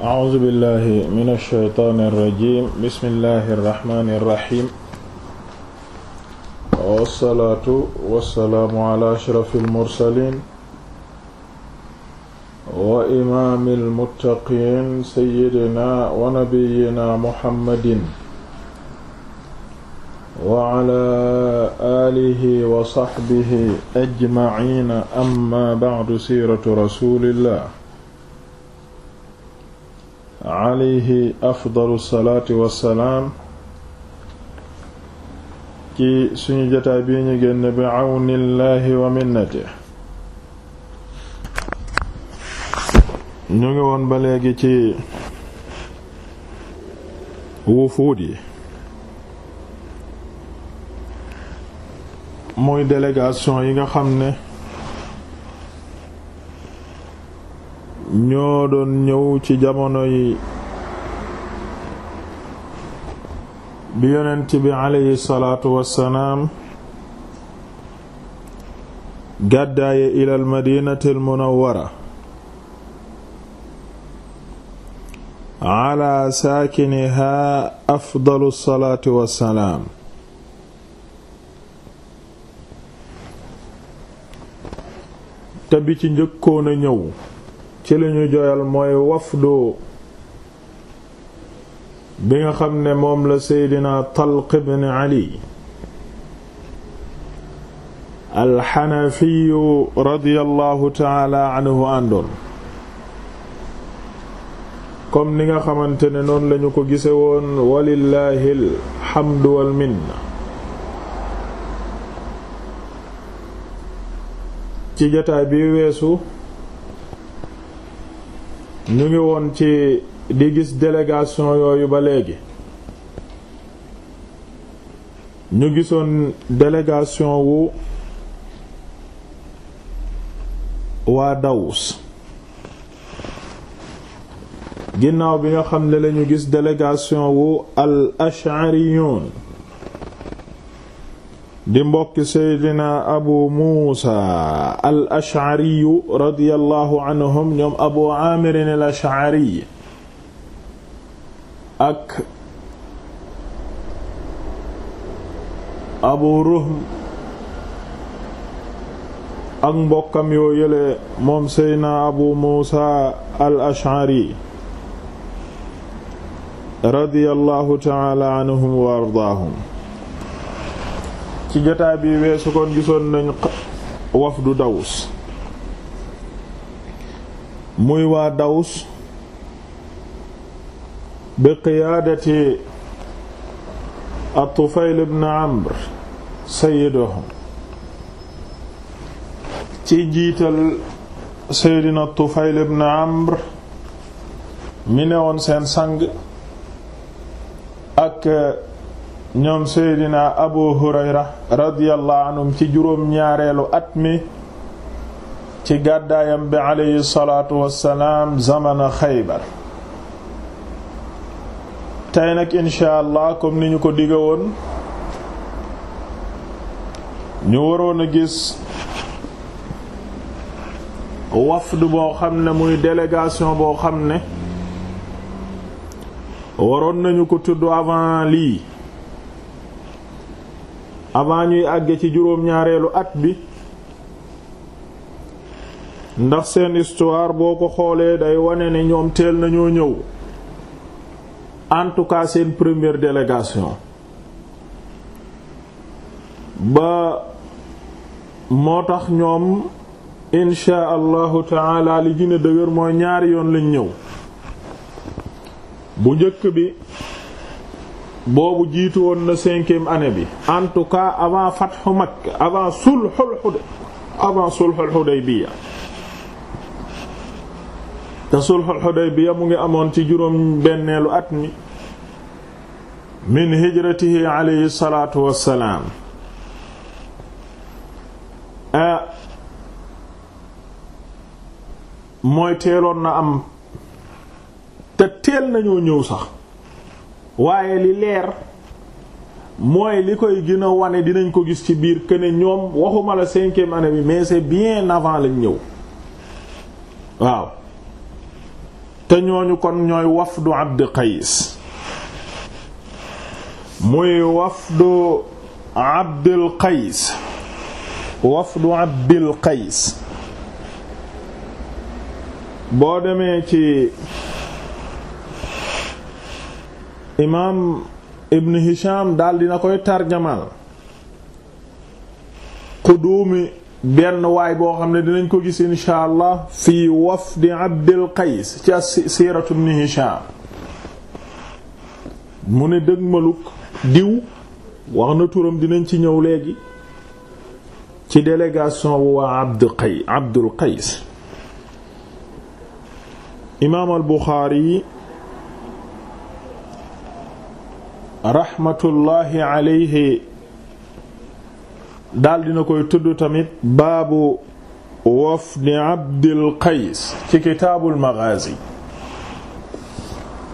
a'uuzu billahi mina shaytaani rajiim bismillahi rahmaani rahiim wassalaatu wassalaamu ala ashrafil mursaliin wa imaamil muttaqiin sayyidina wa nabiyyina muhammadin wa ala aalihi wa sahbihi ajmaciina amma ba'du siiratu rasuulillah alayhi afdalu salaati wassalaam ci suñu jotaay bii ñu génn bi awnillahi wa minnati ñu ngi woon ba léegi ci wufuud yi mooy délégation yi nga xam ne ñoodoon ñëw ci jamono yi bi yonent bi aleyhi salaatu wassalaam gàddaaye ilal madinati al munawwara ala afdalu salaati te bi ci njëkkoona ñëw ci li ñu joyal mooy wafdu bi nga xam ne moom la seydina Talq ibn Ali alxanafiyu radiyallahu taala anhu àndoon comme ni nga xamante ne noonu lañu ko gise woon walillahi alxamdu wal minna ci jotaay bi weesu ñu ngi woon ci di gis délégation yooyu ba léegi ñu gisoon délégation wu waa Dawus ginnaaw bi nga xam ne lañu gis délégation wu al Ash'ariyun di mbokki seydina abu muusa al ashariyu radiallahu anhum ñoom abu aamirin al ashari ak abu ruhm ak mbokkam yoo yële moom seydina abu muusa al ashari radiallahu taala anhum wa ardaahum ci jotaay bi weesu kon gisoon nañ wafdu dawus muy waa dawus bi qiyaadati at-Tufayl ibn Amr sayyiduhum ci njiital seydina Tufayl ibn Amr mi newoon seen sang ak ñoom seydina abu hurayra radiyallahu anhum ci juróom ñaareelu at mi ci gàddaayam bi aleyhi salaatu wassalaam zamana xaybar tey nag insha allah comme ni ñu ko diga woon ñu waroon a gis wafd boo xam ne muy délégation boo xam ne waroon nañu ko tudd avant lii avant ñuy àgge ci juróom-ñaareelu at bi ndax seen histoire boo ko xoolee day wane ne ñoom teel nañoo ñëw en tout cas seen première délégation ba moo tax ñoom insha allahu taala li gën a dëgër mooy ñaari yoon lañ ñëw bu njëkk bi boobu jiitu woon na cinquième année bi en tout cas avant fathu Makka avant sulhul Hudaybiya te sulhul Hudaybiya mu ngi amoon ci juróom benneelu at mi min hijratihi alayhi salaatu wassalaam mooy teeloon na am te teel nañoo ñëw sax waaye li leer mooy li koy gina wane dinañ ko gis ci biir que ñoom waxuma la cinquième année bi mais c'est bien avant lañ ñëw waaw te ñooñu kon ñooy wafdu Abd Qays muy wafdu Abdul Abdul Qays boo demee ci imaam ibn hisham daal dina koy tarjamal quduumi benn waay boo xam ne dinañ ko gis insha allah fii wafdi abdil qays ci siiratu ibn hisham mu ne dëg maluk diw wax na turam dinañ ci ñëw léegi ci délégation bu waa abdul qays abdul imaam al buxaari raxmatullahi alayhi daal dina koy tudd tamit baabu wafdi Abdul Qays ci kitaabul magaazi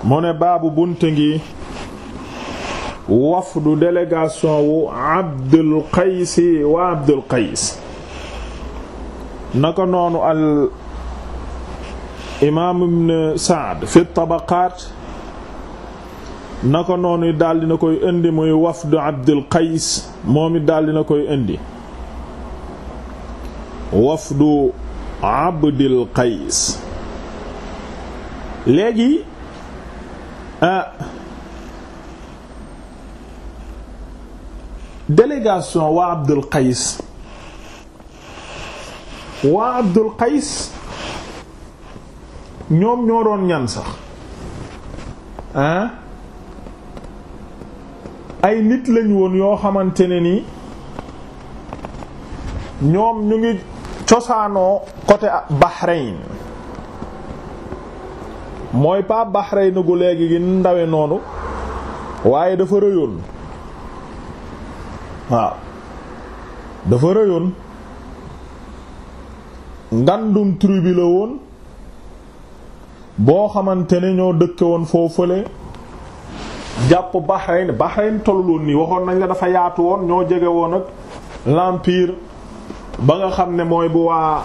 mu ne baabu bunt ngi wafdu délégation wu Abdul Qays wa Abdul Qays naka Saad fi tabaqaat naka noonu daldi na koy indi muy wafdu Abdul Qays moom it daldi na koy indi wafdu Abdul Qays léegi ah délégation waa Abdul Qays waa Abdul ñoom ñoo doon ñan sax ay nit lañ woon yoo xamante ne ni ñoom ñu ngi cosaanoo côté Bahreïn mooy pas Bahreïn gu léegi ndawe noonu waaye dafa rëyoon waaw dafa rëyoon ngandum tribu woon boo xamante ni ñoo dëkke woon foofule jàpp Bahreïn Bahreïn tolloon nii waxoon nañ la dafa yaatu woon ñoo jege woon ak l'empire ba nga xam ne mooy bu waa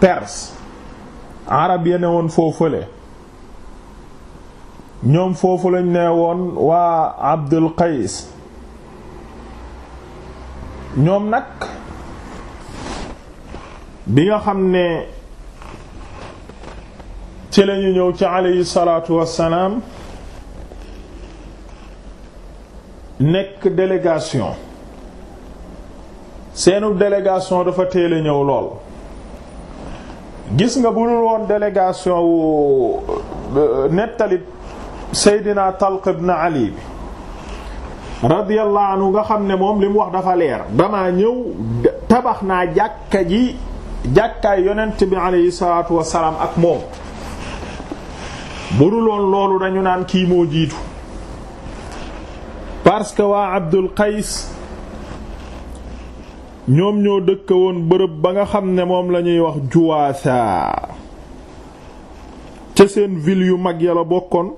Perse arab ya ne woon foofu lañ ne woon waa Abdul Qais ñoom nag bi nga xam ne ci lañu ñëw ci alayhi salaatu wassalaam nekk délégation seenu délégation dafa teel ñëw lool gis nga bu dul woon délégation wu nettalit Seydina Talq ibn Ali bi radiyallahu anhu nga xam ne moom li mu wax dafa leer damaa ñëw tabax naa jàkka ji jàkkaay yonent bi alayhi salaatu wasalaam ak moom bu dul woon loolu dañu naan kii moo jiitu parce que waa Abdul Qays ñoom ñoo dëkk woon bërëb ba nga xam ne moom lañuy wax Juwaasa ca seen ville yu mag ya bokkoon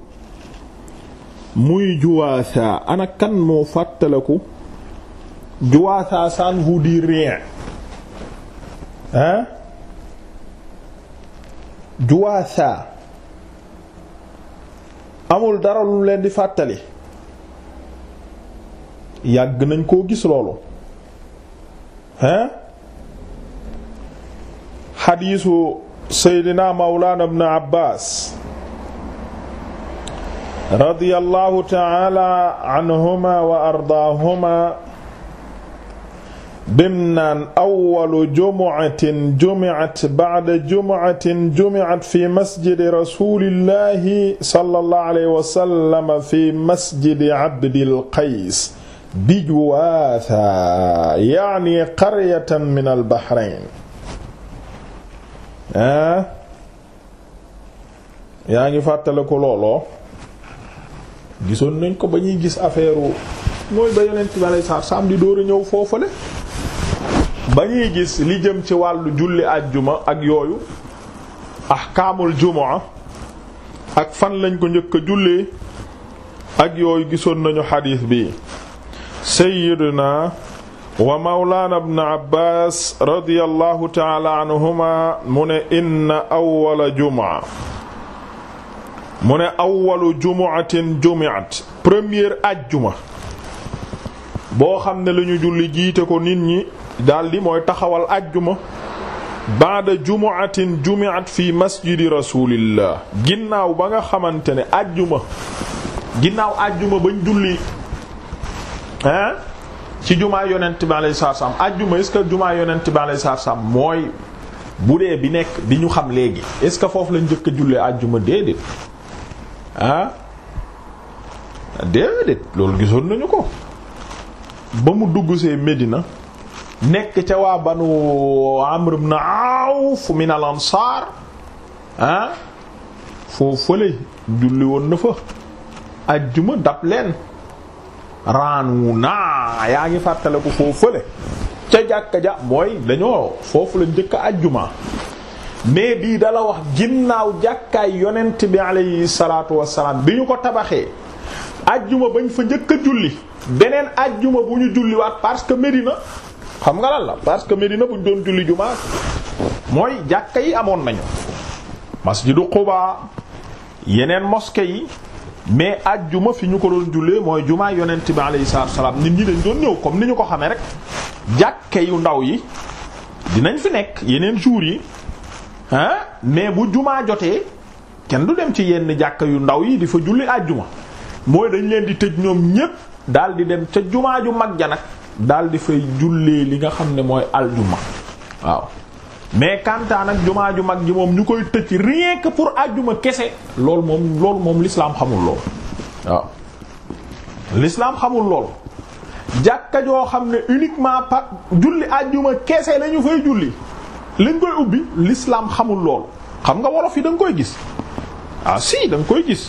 muy Juwaasa ana kan moo fàttaleku Juwaasa ça ne vous dit rien hein Juwaasa amul dara lu leen di fàttali yàgg nañ koo gis loolu hein xadiisu seydina mawlana ibn abbaas radiyallahu taala anhuma wa ardaahuma bim naan awwalu jumu'atin jumi'at ba'da jumu'atin jumi'at fi masjidi rasulillahi sallallahu alayhi wa sallam fi masjidi abdil qays bijwaatha yaani qaryatan min bahrain ah? yaa ngi fàttale looloo gisoon nañ ko ba ñuy gis affaire mooy ba yonent bi alei satu salaam a ñëw foofale ba ñuy gis li jëm ci wàllu julli àjjuma ak yooyu ahkaamul jumaa ak fan lañ ko njëkk a jullee ak yooyu gisoon nañu xadiis bi sayyidina wa mawlaana ibn Abbaas radiyallahu ta'ala anhuma mu ne inna awwala jumu'a mu ne awwalu jumu'atin jumi'at première ajjuma boo xam ne lañu julli jiite ko nit ñi daldi mooy taxawal ajjuma baada jumu jumi'at fi masjidi rasulillah ginnaaw ba nga xamante ne ajjuma ginnaaw ajjuma bañ julli ah ci jumaa yonent bi alayhi salaatu salaam ajjuma est-ce jumaa yonent bi alayhi salaatu salaam mooy bu dee bi nekk bi ñu xam léegi est-ce que foofu la njëkk a jullee ajjuma déedéet ah déedéet loolu gisoon nañu ko ba mu dugg see Medina nekk ca waa banu Amr ibn Awf min al ansaar ah foofu fële julli woon na fa ajjuma dab leen. raanu naa yaa ngi fàttaliku foofu fële ca jàkka ja mooy dañoo foofu la njëkk ajjuma mais bii dala wax ginnaaw jàkkaay yonent bi alayhi salaatu wassalaam bi ñu ko tabaxee ba bañ fa njëkk a julli beneen ajjuma bu ñu julliwaat parce que Medina xam nga lan la parce que Medina bu ñu doon julli jumaa mooy jàkka yi amoon nañu masjidu Quba yeneen mosquée yi mais ajjuma fi ñu ko doon jullee mooy jumaa yonent bi alayhi salaatu salaam nit ñi dañ doon ñëw comme ni ñu ko xame rek jàkke yu ndaw yi dinañ fi nekk yeneen jours yi mais bu jumaa jotee kenn du dem ci yenn jàkka yu ndaw yi di fa julli ajjuma mooy dañ leen di tëj ñoom ñépp daal di dem ca jumaa ju mag ja nag daal di fay jullee li nga xam ne mooy aljuma waaw mais kantaan ak jumaa ju mag ji moom ñu koy tëj rien ka pour àjjuma kese loolu moom loolu moom lislaam xamul lool waaw l'islam xamul lool jàkka joo xam ne uniquement par julli àjjuma kese lañu ñu fay julli lañ koy ubbi lislaam xamul lool xam nga wolof yi da koy gis ah si da koy gis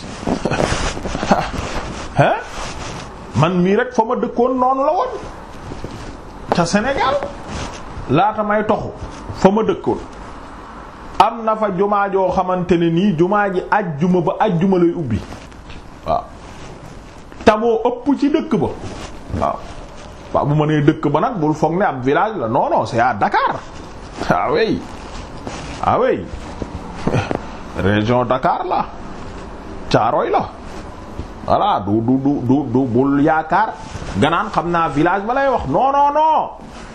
hein man mii rek fa ma dëkkoon noonu la woon ca Sénégal laata may toxu fa ma dëkkoon am na fa jumaa joo xamante ne nii jumaa ji ajjuma ba ajjuma lay ubbi waaw tamoo ëpp ci dëkk ba waaw waaw bu ma nee dëkk ba nag bul foog ne ab village la non non c'est à Dakar ah ah région Dakar la Thiaroye la voilà du du du du bul yaakaar nga naan xam naa village ba lay wax non non non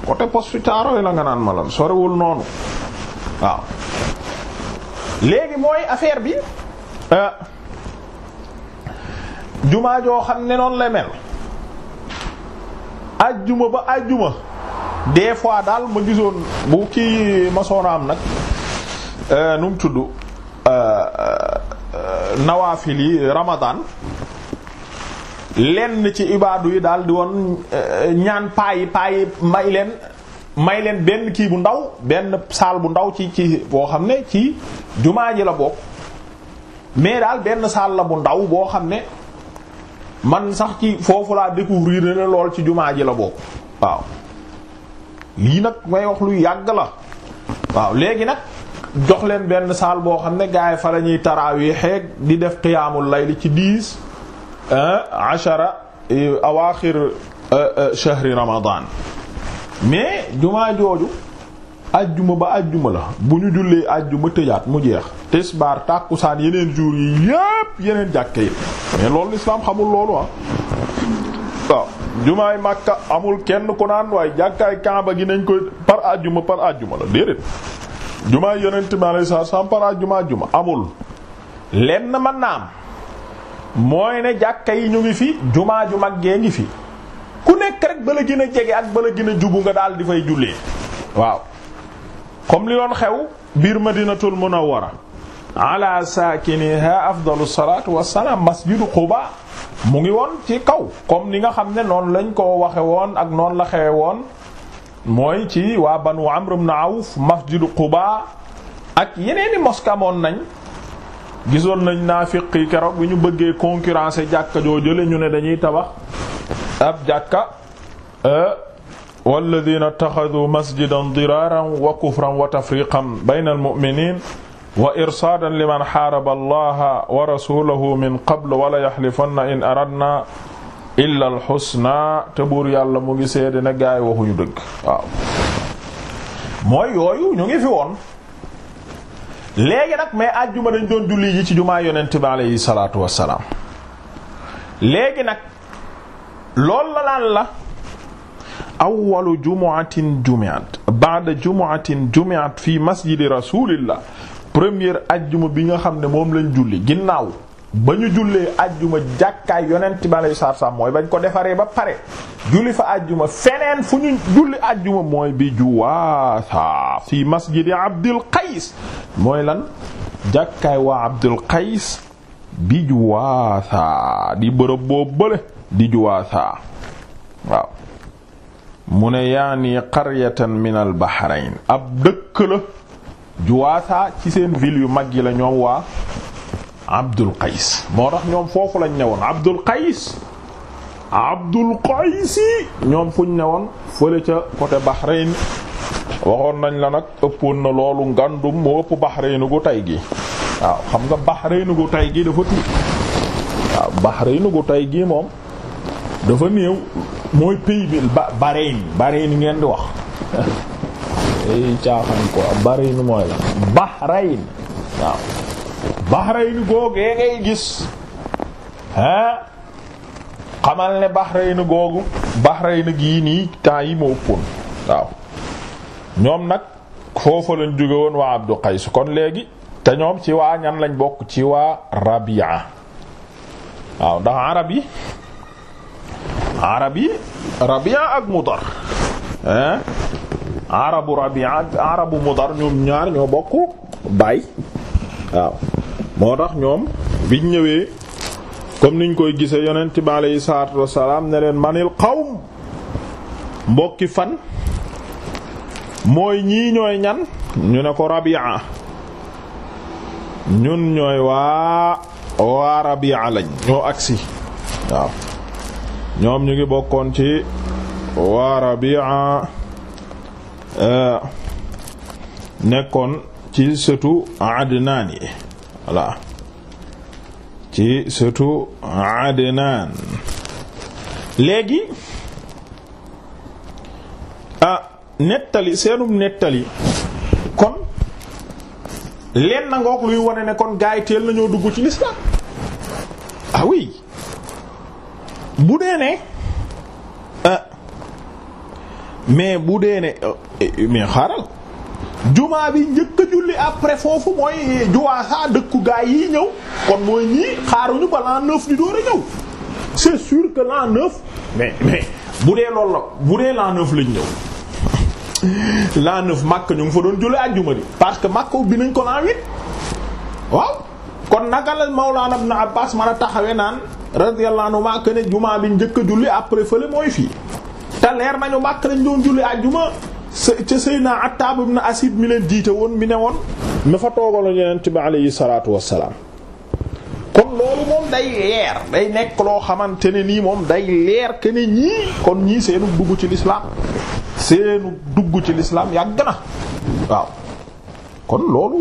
côté poste Thiaroye la nga naan ma la sorewul noonu waaw. léegi mooy affaire bi euh, jumaa joo xam ne noonu lay mel ajjuma ba ajjuma des fois daal ma gisoon bu kii ma am nag euh, nu mu tudd euh, nawaafil yi Ramadan. lenn ci ibaadu yi daal di woon eh, ñaan paayi paayi may leen may leen benn kii bu ndaw benn saal bu ndaw ci ci boo xam ne ci jumaa ji la bokk mais daal benn saal la bu ndaw boo xam ne man sax ci foofu laa découvrir ne lool ci jumaa ji la bokk waaw lii nag may wax lu yàgg la waaw léegi nag jox leen benn saal boo xam ne gaay fa lañuy ñuy taraawi xeeg di def qiyaamul layli ci diis ashara awaaxir shahri ramadan mais jumaa jooju ajjuma ba ajjuma la bu ñu jullee ajjuma tëjaat mu jeex tisbaar tàkkusaan yeneen jour yi yépp yeneen jàkke yi mais loolu lislaam xamul loolu ah jumaay Makka amul kenn ku naan waaye jàkkaay Kaaba gi nañ koy par ajjuma par ajjuma la déedéet jumaay yeneen timaale saa sam par ajjuma amul lenn mën naa mooy ne jàkka yi ñu ngi fi jumaa ju mag gee ngi fi ku nekk rek bala gën a jege ak bala gën a jubu nga daal di fay jullee waaw comme li doon xew biir ma dinatul mën a madinatul munawwara ala saakiniha afdalu salaatu wassalaam masjidu Quba mu ngi woon ci kaw comme li nga xam ne noonu lañ ko waxe woon ak noonu la xewe woon mooy ci waa banu Amr ibn Awf masjidu Quba ak yeneeni moska nañ gisoon nañ naafiq yi keroog bi ñu bëggee concurrencer jàkka joo jële ñu ne dañuy tabax ab jàkka euh, walladina taxadu masjidan diraaran wa kufran wa tafriqan bayna almuminin wa irsaadan liman xaaraba allaha wa rasulahu min qabl wala te buur yàlla mu ngi seede ne gaay yooyu ñu ngi fi woon léegi nag mais àjjuma dañ doon julli ji ci jumaa yonent bi aleyhi salaatu wassalaam léegi nag loolu la laan la awwalu jumu'atin jumi'at ba'da jumu'atin jumi'at fii masjidi rasulillah première àjjuma bi nga xam ne moom lañ julli ginnaaw ba ñu jullee àjjuma jàkkaay yonent bi alayhi mooy bañ ko defaree ba pare julli fa àjjuma feneen fu ñu julli àjjuma mooy bi juwaasa fi masjidi Abdul Qays mooy lan jàkkaay waa Abdul Qays bi juwaasa di bërëb boo bële di juwaasa waaw mu ne yaani qaryatan min al Bahrain ab dëkk la juwaasa ci seen ville yu mag yi la ñoom waa Abdul Qays moo tax ñoom foofu lañ newoon Abdul Qays Abdul Qays ñoom fuñ newoon fële ca côté Bahrain waxoon nañ la nag ëppoon na loolu ngandum moo ëpp Bahrain gu tey gi waaw xam nga Bahrain gu tey gi dafa tuuti moom dafa néew mooy pays bi ba Bahrain Bahrain ngeen di wax caaxaan ko Bahrain mooy la Bahrain waaw Bahrayn googee ngay gis ah xamal ne Bahrayn googu Bahrayn gii nii temps yi ma ëppoon waaw ñoom nag foofa lañ jóge woon waa Abdu Qays kon léegi te ñoom ci waa ñan lañ bokk ci waa Rabia waaw ndax arab yi arab yi Rabia ak Mudar hein arabu Rabia ak arabu Mudar ñoom ñaar ñoo bokk baay waaw moo tax ñoom biñ ñëwee comme niñ koy gisee yonent bi aleyhi salaatu wassalaam ne leen manil xaw mbokki fan mooy ñii ñooy ñan ñu ne ko Rabi'a ñun ñooy waa waa Rabi'a lañ ñoo agsi waaw ñoom ñu ngi bokkoon ci waa Rabi'a euh, nekkoon ci sëtu Adnaan yi voilà ci surtout Adnaan léegi ah nettali seenum nettali kon leen na ngoog luy wone ne kon gaay teel nañoo dugg ci l'islam ah oui bu dee ne ah mais bu dee ne eh, mais xaaral jumaa bi njëkk a julli après foofu mooy juwaasaa dëkk gaa yi ñëw kon mooy ñii xaaruñu ba l'an di door a ñëw c'est sûr que l'an mais mais bu dee loolu la bu dee l'an neuf lañ ñëw l'an neuf Makka ñu ngi fa doon jëlee àjjuma di parce que Makka ubbi nañ ko l'an huit waaw kon naka la Mawlana Ibn Abbas man a taxawe naan radiyallahu anhuma que ne jumaa njëkk a julli après fële mooy fii te leer nañu Makka lañ doon julli àjjuma ca Seydina Attab ibn Asid mi leen diite woon mi ne woon ma fa toogaloon yonent bi aleyhi salaatu wassalaam kon loolu moom day leer day nekk loo xamante ne nii moom day leer que ñii kon ñii seenu dugg ci lislaam seenu dugg ci lislaam yàgg na waaw kon loolu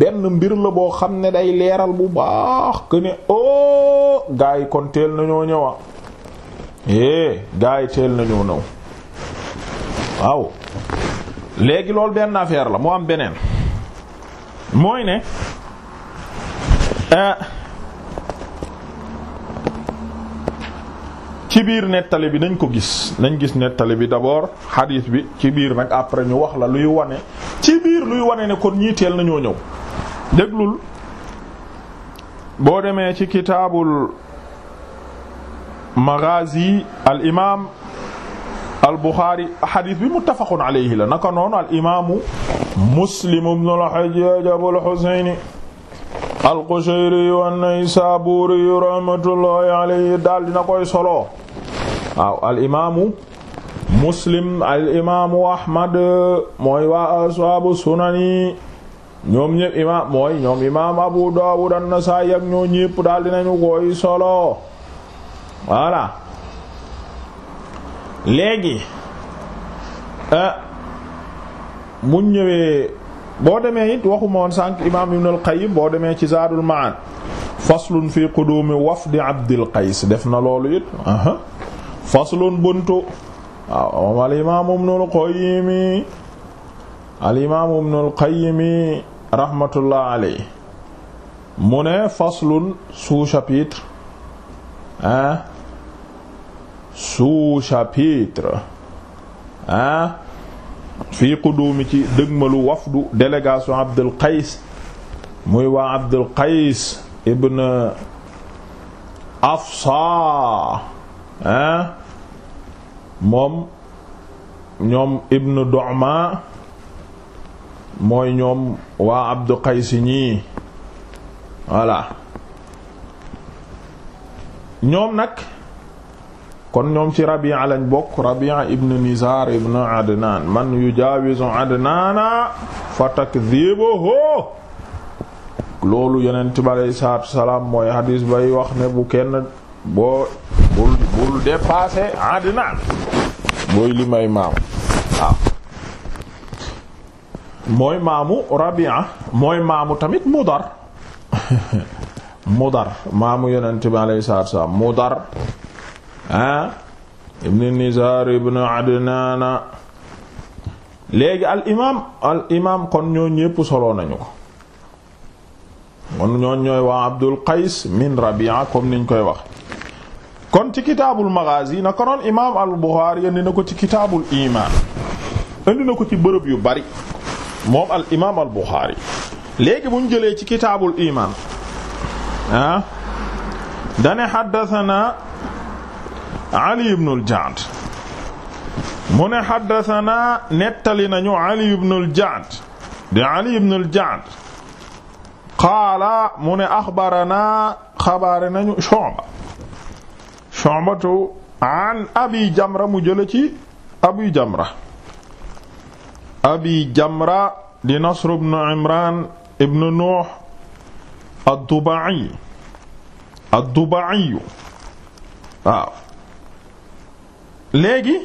benn mbir la boo xam ne day leeral bu baax que ne oh yi kon teel nañoo ñëwa ah. eh gaa yi teel nañoo ñëw waaw léegi loolu benn affaire la mu am beneen. mooy ne euh, ci biir nettali bi nañ ko gis nañ gis nettali bi d'abord hadith bi ci biir nag après ñu wax la luy wane ci biir luy wane ne kon ñii teel nañoo ñëw déglul boo demee ci kitaabul maghazi al imam al Buxaari xadis bi muttafaqun alayhi la naka noonu al imaamu Muslim ibn al Hajjaj Abul Husayni al Qushayri an-Naysaburi rahmatullahi alayhi daal dina koy solo waaw al imaamu Muslim al imaamu Ahmad mooy waa ashaabu sunani ñoom ñëpp imaam mooy ñoom imaam Abu Dawud an-Nasaa'i ak ñoo ñëpp daal dinañu koy solo voilà. léegi mu euh, ñëwee boo demee it waxuma woon sànq imaam Ibn al-Qayyim boo demee ci Zaadul Ma'aad faslun fi qudumi wafdi Abdil Qays def na loolu it faslun buntu waaw al imaam Ibn al-Qayyim rahmatullah alayhi mu ne faslun sous-chapitre ah sous-chapitre ah fii quduumi ci dëgmalu wafdu délégation Abdul Qays muy waa Abdul Qays ibn Afsa ah moom ñoom ibn Du'ma mooy ñoom waa Abdu Qays ñii voilà ñoom nag kon ñoom ci rabia lañ bokk rabia ibn nizar ibn adnan man yujawizu adnana fa takdhibuhu loolu yeneen bi aleyhi salaam mooy hadis bay wax ne bu kenn boo bul bul dépasser adnaan booy li may mooy maamu rabia mooy maamu tamit mudar mudar maamu yonent bi aleyhi salaam mudar ah ibn nizar ibn adnana léegi al imaam al imaam kon ñoo ñépp solo nañu ko kon ñooñ ñooy waa abdul qays min rabia comme niñ koy wax kon ci kitaabul maghazi na ko noon imaam al buxaari na ko ci kitaabul imaan indi na ko ci bërëb yu bari moom al imaam al buxaari léegi buñ jëlee ci kitaabul imaan ah dane xaddathana Ali ibn al-Ja'd mu ne haddathana nettali nañu Ali ibn al-Ja'd di Ali ibn al-Ja'd qaala mu ne axbarana xabaare nañu Shu'ba Shu'batu an Abi Jamra mu jële ci Abi Jamra Abi Jamra di Nasr ibn Imran ibn Nuh ad-Duba'i ad-Duba'i waaw léegi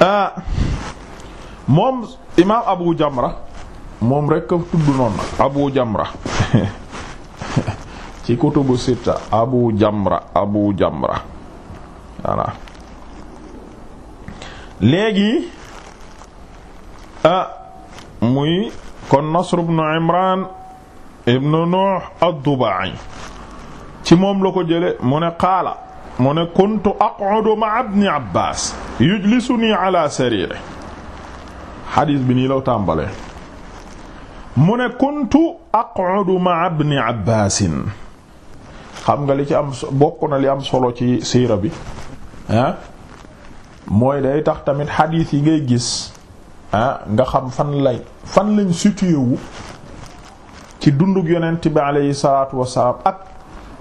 ah, moom imaam Abu Jamra moom rek tudd noonu Abu Jamra ci kutubu sitta Abu Jamra Abu Jamra léegi ah, muy kon Nasr ibn Imran ibn Nuh ad-Dubai ci moom la ko jële mu ne qaala mu ne kuntu aq'udu ma'a ibni Abbaas yujlisuni ala sariiri xadiis bi nii law tàmbalee mu ne kuntu aq'udu ma'a ibni Abbaasin xam nga li ci am bokk li am solo ci siira bi ah mooy day tax tamit xadiis yi ngay gis ah, nga xam fan lay fan lañ situé wu ci dundug yonent bi aleyhi salaatu wassalaam ak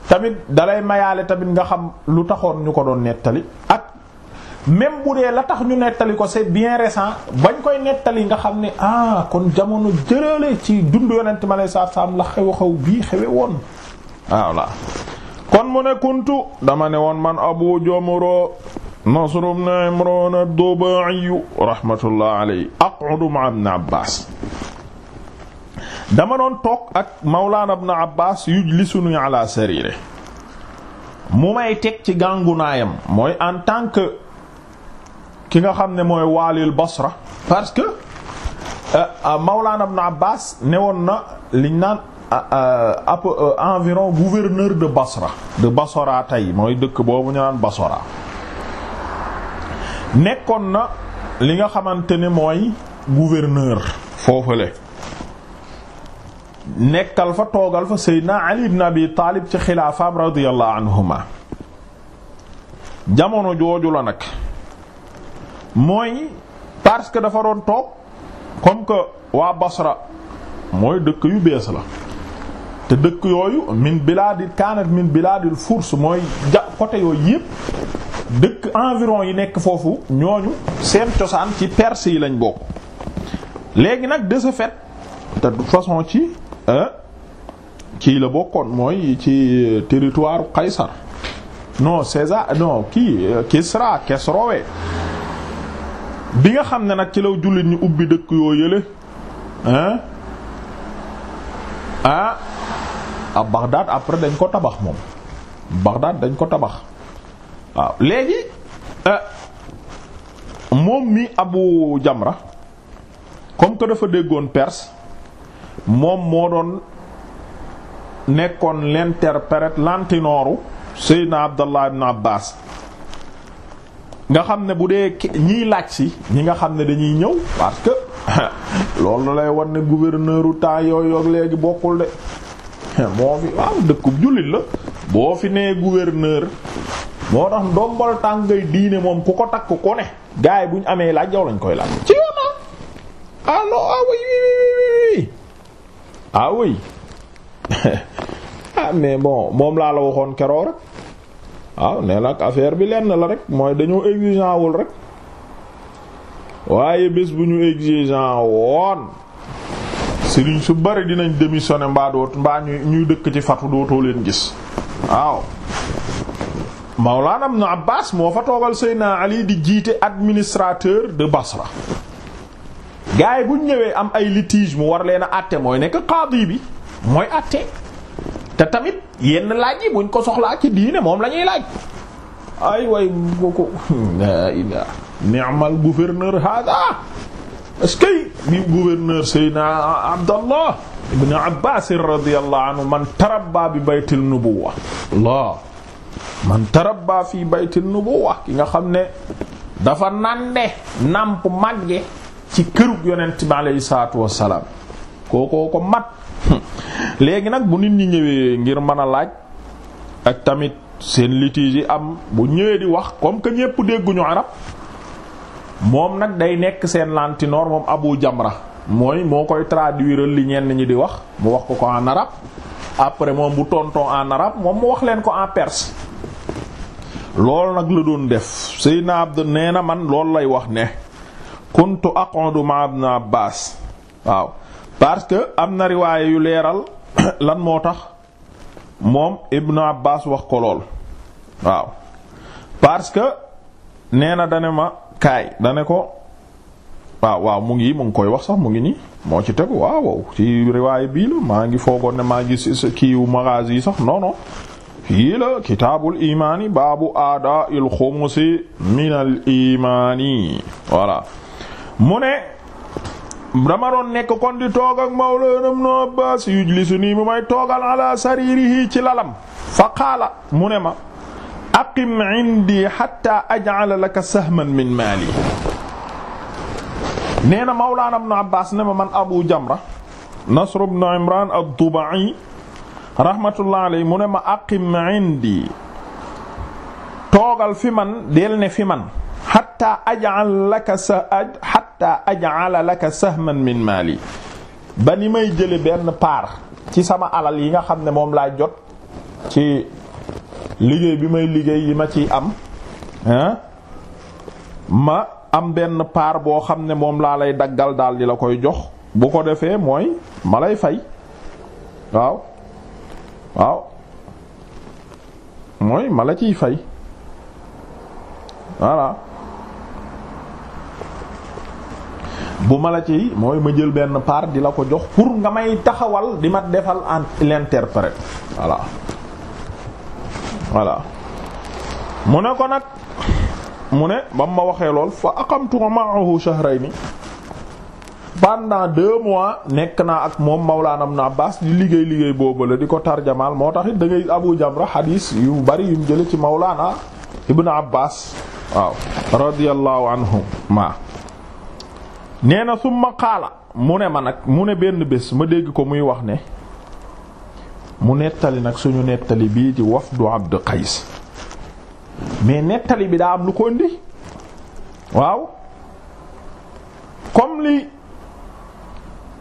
tamit dalay mayaale tamit nga xam lu taxoon ñu ko doon nettali ak même bu dee la tax ñu nettali ko c'est bien récent bañ koy nettali nga xam ne ah kon jamono jërale ci dund yonent ma lay saat saam la xew xew bii xewe woon kon mu ne kuntu dama ne woon man abu jomoro nasr ibn imran ad-dubai rahmatullah alayhi aq'udu ma'a ibn abbas dama doon toog ak Mawlana ibn Abbas yujlisuni ala sarire mu may teg ci gàngunaayam mooy en tant que ki nga xam ne mooy waalil ra parce que euh, euh, Mawlana ibn Abbas newoon na liñ naan euh, ap environ gouverneur de Basra de Basora tey mooy dëkk boobu ñu naan Basora nekkoon na li nga xamante ne mooy gouverneur foofale nekkal fa toogal fa Seydina Ali ibn Abi Taalib ci xilaafaam radiyallahu anhuma jamono jooju la nag mooy parce que dafa doon toog comme que waa Basra mooy dëkk yu bees la te dëkk yooyu min bilaadi kaanat min bilaadil furs mooy ja côté yooyu yépp dëkk environ yi nekk foofu ñooñu seen cosaan ci Perse yi lañ bokk léegi nag de ce te de façon ci kii la bokkoon mooy ci territoire Qaysar non César non kii Kisra Kesrowe bi nga xam ne nag ci law jullit ñu ubbi dëkk yoo yële ah ah a Baghdad après dañ ko tabax moom Baghdad dañ ko tabax waaw léegi euh, moom mi Abu Jamra comme que dafa déggoon pers moom moo doon nekkoon l'interprète lantinooru Seydina Abdallah ibn Abbas nga xam ne bu dee ñiy laaj si ñi nga xam ne dañuy ñëw parce que loolu lay wan ne gouverneur u yooyu ak bokkul de moo fi waaw dëkkub jullit la boo fi nee gouverneur moo tax ndombal tàngay diine moom ku ko takk ku ne gars bu ñu amee laaj yow lañ koy laaj ci yoona allo ah, ah oui oui oui ah oui ah mais bon moom laa la waxoon keroo rek waaw ah, nee nag affaire bi lenn la rek mooy dañoo exigeant wul rek waaye bés bu ñu exigeant woon sëriñ su bari dinañ démissionner mbaa doot mbaa ñuy dëkk ci fatu dootoo leen gis waaw Mawlana Ibn Abbas moo fa toogal Seydina Ali di jiite administrateur de Basra gars bu ñu ñëwee am ay litige mu war leen a àtte mooy nekk qaadi bi mooy ate te tamit yenn laaj yi buñ ko soxlaa ci diine moom la ñuy laaj ay way bu ko ila ni'mal gouverneur hada est-ce que bi gouverneur Seydina Abdallah ibn Abbas radiyallahu anhu man tarabba bi baytil nubuwwa Allah man tarabba fi baytil nubuwwa ki nga xam ne dafa nande namp màgge ci kërug yonent bi aleyhi salaatu wassalaam kookoo ko mat léegi nag bu nit ñi ñëwee ngir mën a laaj ak tamit seen litige yi am bu ñëwee di wax comme que ñépp dégguñu arab moom nag day nekk seen lantinoor moom abu jamra mooy moo koy traduire li ñenn ñi di wax mu wax ko ko en arabe après moom bu tonton en arabe moom mu wax leen ko en perse loolu nag la doon def Seydina Abd nee na man loolu lay wax ne kuntu aq'udu ma'a ibn Abbas waaw parce que am na riwaaya yu leeral lan moo tax moom ibn Abbas wax ko lool waaw parce que nee na dane ma kaay dane ko waaw waaw mu ngi mu ngi koy wax sax mu ngi nii moo ci tegu waaw waaw ci riwaaya bii la maa ngi foogoon ne maa ngi kiiwu magazi yi sax non non la kitaabul imaani baabu aada il xumusi min al imaani mu ne dama doon nekk kon di toog ak Abbaas yujlisu nii mu may toogal ala saririhi ci lalam fa qaala mu ne ma aqim indi hatta aj'ala laka sahman min maali nee na mawlana Abbaas ne ma man Abu Jamra Nasr ibn Imraan ad-Dubai rahmatullah alayhi mu ne ma aqim indi toogal fi man del fi man hatta aj'al laka sa xatta aj'ala laka sahman min maali ba ni may jële benn paar ci sama alal yi nga xam ne moom laa jot ci liggéey bi may liggéey yi ma ciy am ma am benn paar boo xam ne moom laa lay daggal daal di la koy jox bu ko defee mooy ma lay fay waaw waaw mooy ma la ciy fay voilà bu ma la ci mooy ma jël benn part di la ko jox pour nga may taxawal di ma defal en l'interprète voilà voilà mu ne ko nag mu ne ba ma waxee lool fa aqamtu ma'ahu shahrayni pendant deux mois nekk naa ak moom Mawlana Ibn Abbas di liggéey liggéey boobu la di ko tarjamaal moo taxit it da ngay Abu Jamra xadiis yu bari yuñ jële ci Mawlana Ibn Abbas waaw radiyallahu anhuma nee na summa qaala mu ne ma nag mu ne benn bés ma dégg ko muy wax ne mu nettali nag suñu nettali bii di wafdu Abd Qays mais nettali bi daa am lu ko indi waaw comme li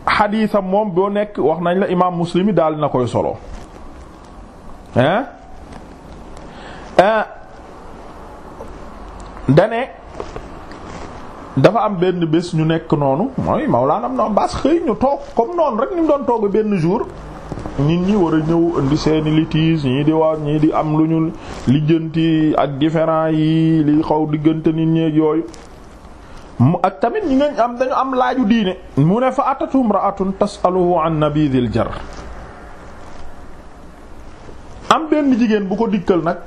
xadiisam moom boo nekk wax nañ la imaam Muslim yi daal na koy solo hein dane dafa am benn bés ñu nekk noonu mooy Mawlana am na baas xëy ñu toog comme noonu rek ñu doon toog benn jour nit ñi war a ñëw indi seeni litige ñii di wax ñii di am lu ñu lijjanti ak différent yi li xaw diggante nit ñeeg yooyu mu ak tamit ñi nga am dañu am laaju diine mu ne fa atatu imra'atun tas'aluhu an nabidil jar am benn jigéen bu ko dikkal nag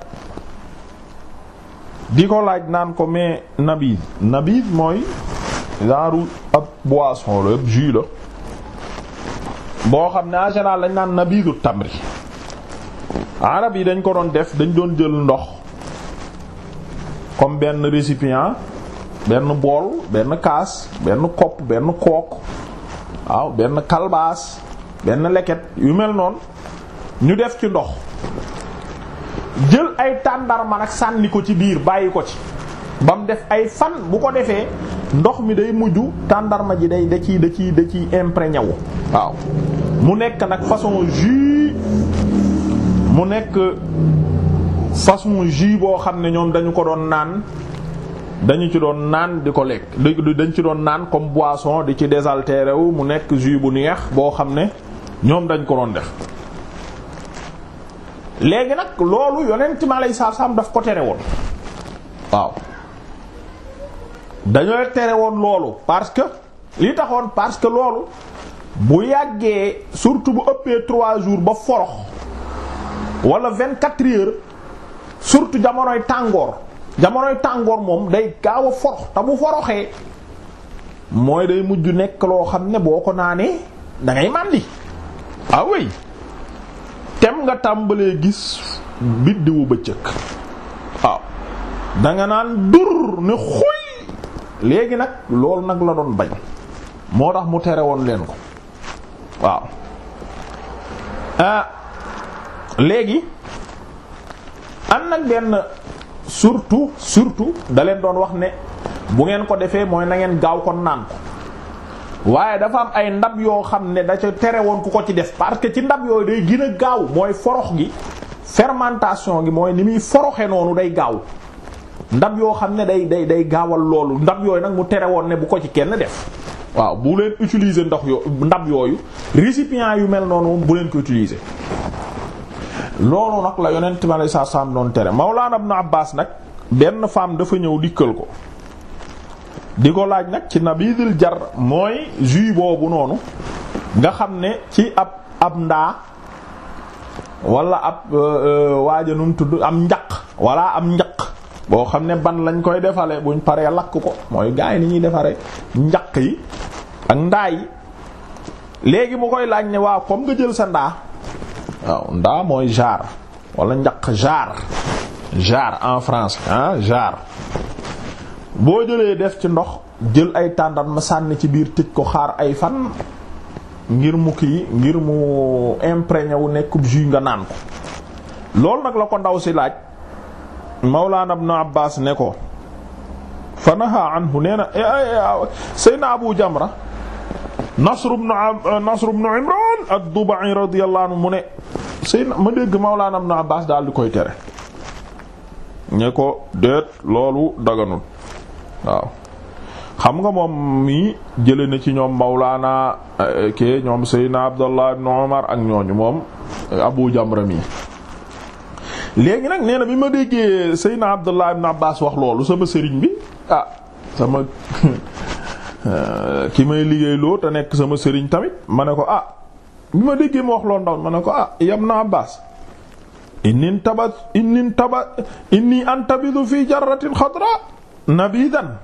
di ko laaj naan ko mais nabiid nabiid mooy genre ab boisson la ab jus la boo xam ne en général lañ naan nabiidu tamri arab yi dañ ko doon def dañ doon jël ndox comme benn récipient benn bool benn kaas benn kopp benn kook waaw benn kalbaas benn leket yu mel noon ñu def ci ndox jël ay tàndarma nag sànni ko ci biir bàyyi ko ci ba mu def ay fan bu ko defee ndox mi day mujj tàndarma ji day da ciy da ciy da ciy imprégné wu waaw mu nekk nag façon jus mu nekk façon jus boo xam ne ñoom dañu ko doon naan dañu ci doon naan di ko lekk dañ ci doon naan comme boisson di ci désaltéré wu mu nekk jus bu neex boo xam ne ñoom dañ ko doon def léegi nag loolu yonent ma lay saam daf ko tere woon waaw dañoo tere woon loolu parce que li taxoon parce que loolu bu yàggee surtout bu ëppee trois jours ba forox wala vingt-quatre heures surtout jamonoy tàngoor jamonoy tàngoor moom day gaaw a forox te bu foroxee mooy day mujj nekk loo xam ne boo ko naanee da ngay màndi ah tem nga tàmbalee gis biddiwu bëccëg waaw danga naan dur ne xuy léegi nag loolu nag la doon bañ moo tax mu tere woon leen ko waaw ah léegi am nag benn surtout surtout da leen doon wax ne bu ngeen ko defee mooy na ngeen gaaw ko naan ko waaye dafa am ay ndab yoo xam ne da ca tere woon ku ko ci def parce que ci ndab yooyu day gën gaaw mooy forox gi fermentation gi mooy ni muy foroxe noonu day gaaw ndab yoo xam ne day day day gaawal loolu ndab yooyu nag mu tere woon ne bu ko ci kenn def waaw bu leen utiliser ndox yo ndab yooyu récipient yu mel noonu bu leen ko utilise loolu nag la yonent mi aleyhi salaatu salaam doon tere Mawlaana Ibn Abbaas nag benn femme dafa ñëw dikkal ko di ko laaj nag ci na nabidil jar mooy jus boobu noonu nga xam ne ci ab ab ndaa wala ab euh, euh, waaja num tudd am njaq wala am njaq boo xam ne ban lañ koy defale buñ paree lakk ko mooy gaay ni ñuy defare njaq yi ak ndaa yi léegi mu koy laaj ne waaw comme nga jël sa ndaa waaw ndaa mooy jar walla njaq jar jar en France ah jar boo jëlee def ci ndox jël ay tàndarma sànni ci biir tëj ko xaar ay fan ngir mu kii ngir mu imprégné wu nekk jus nga naan ko loolu nag la ko ndaw si laaj Mawlaana Ibn Abbaas ne ko fa naha anhu nee na eh, eh, eh, Seydina Abu Jamra Nasr ibn Nasr ibn Imraan ad-Dubai radiyallahu mu ne Seydina ma dégg Mawlaana Ibn Abbaas daal di koy tere ne ko déet loolu daganul waaw xam nga moom mii jële na ci ñoom Mawlaana eh, ke ñoom Seydina Abdallah ibn Umar ak ñooñu moom eh, Abu Jamra mi léegi nag nee na bi ma déggee Seydina Abdallah ibn Abbas wax loolu sama sëriñ bi ah sama eh, ki may liggéey loo te nekk sama sëriñ tamit ma ne ko ah bi ma déggee mu wax loolu ndaw ma ne ko ah yam na Abbas inin taba inin taba inni antabidu fii jarratin xadra nabidan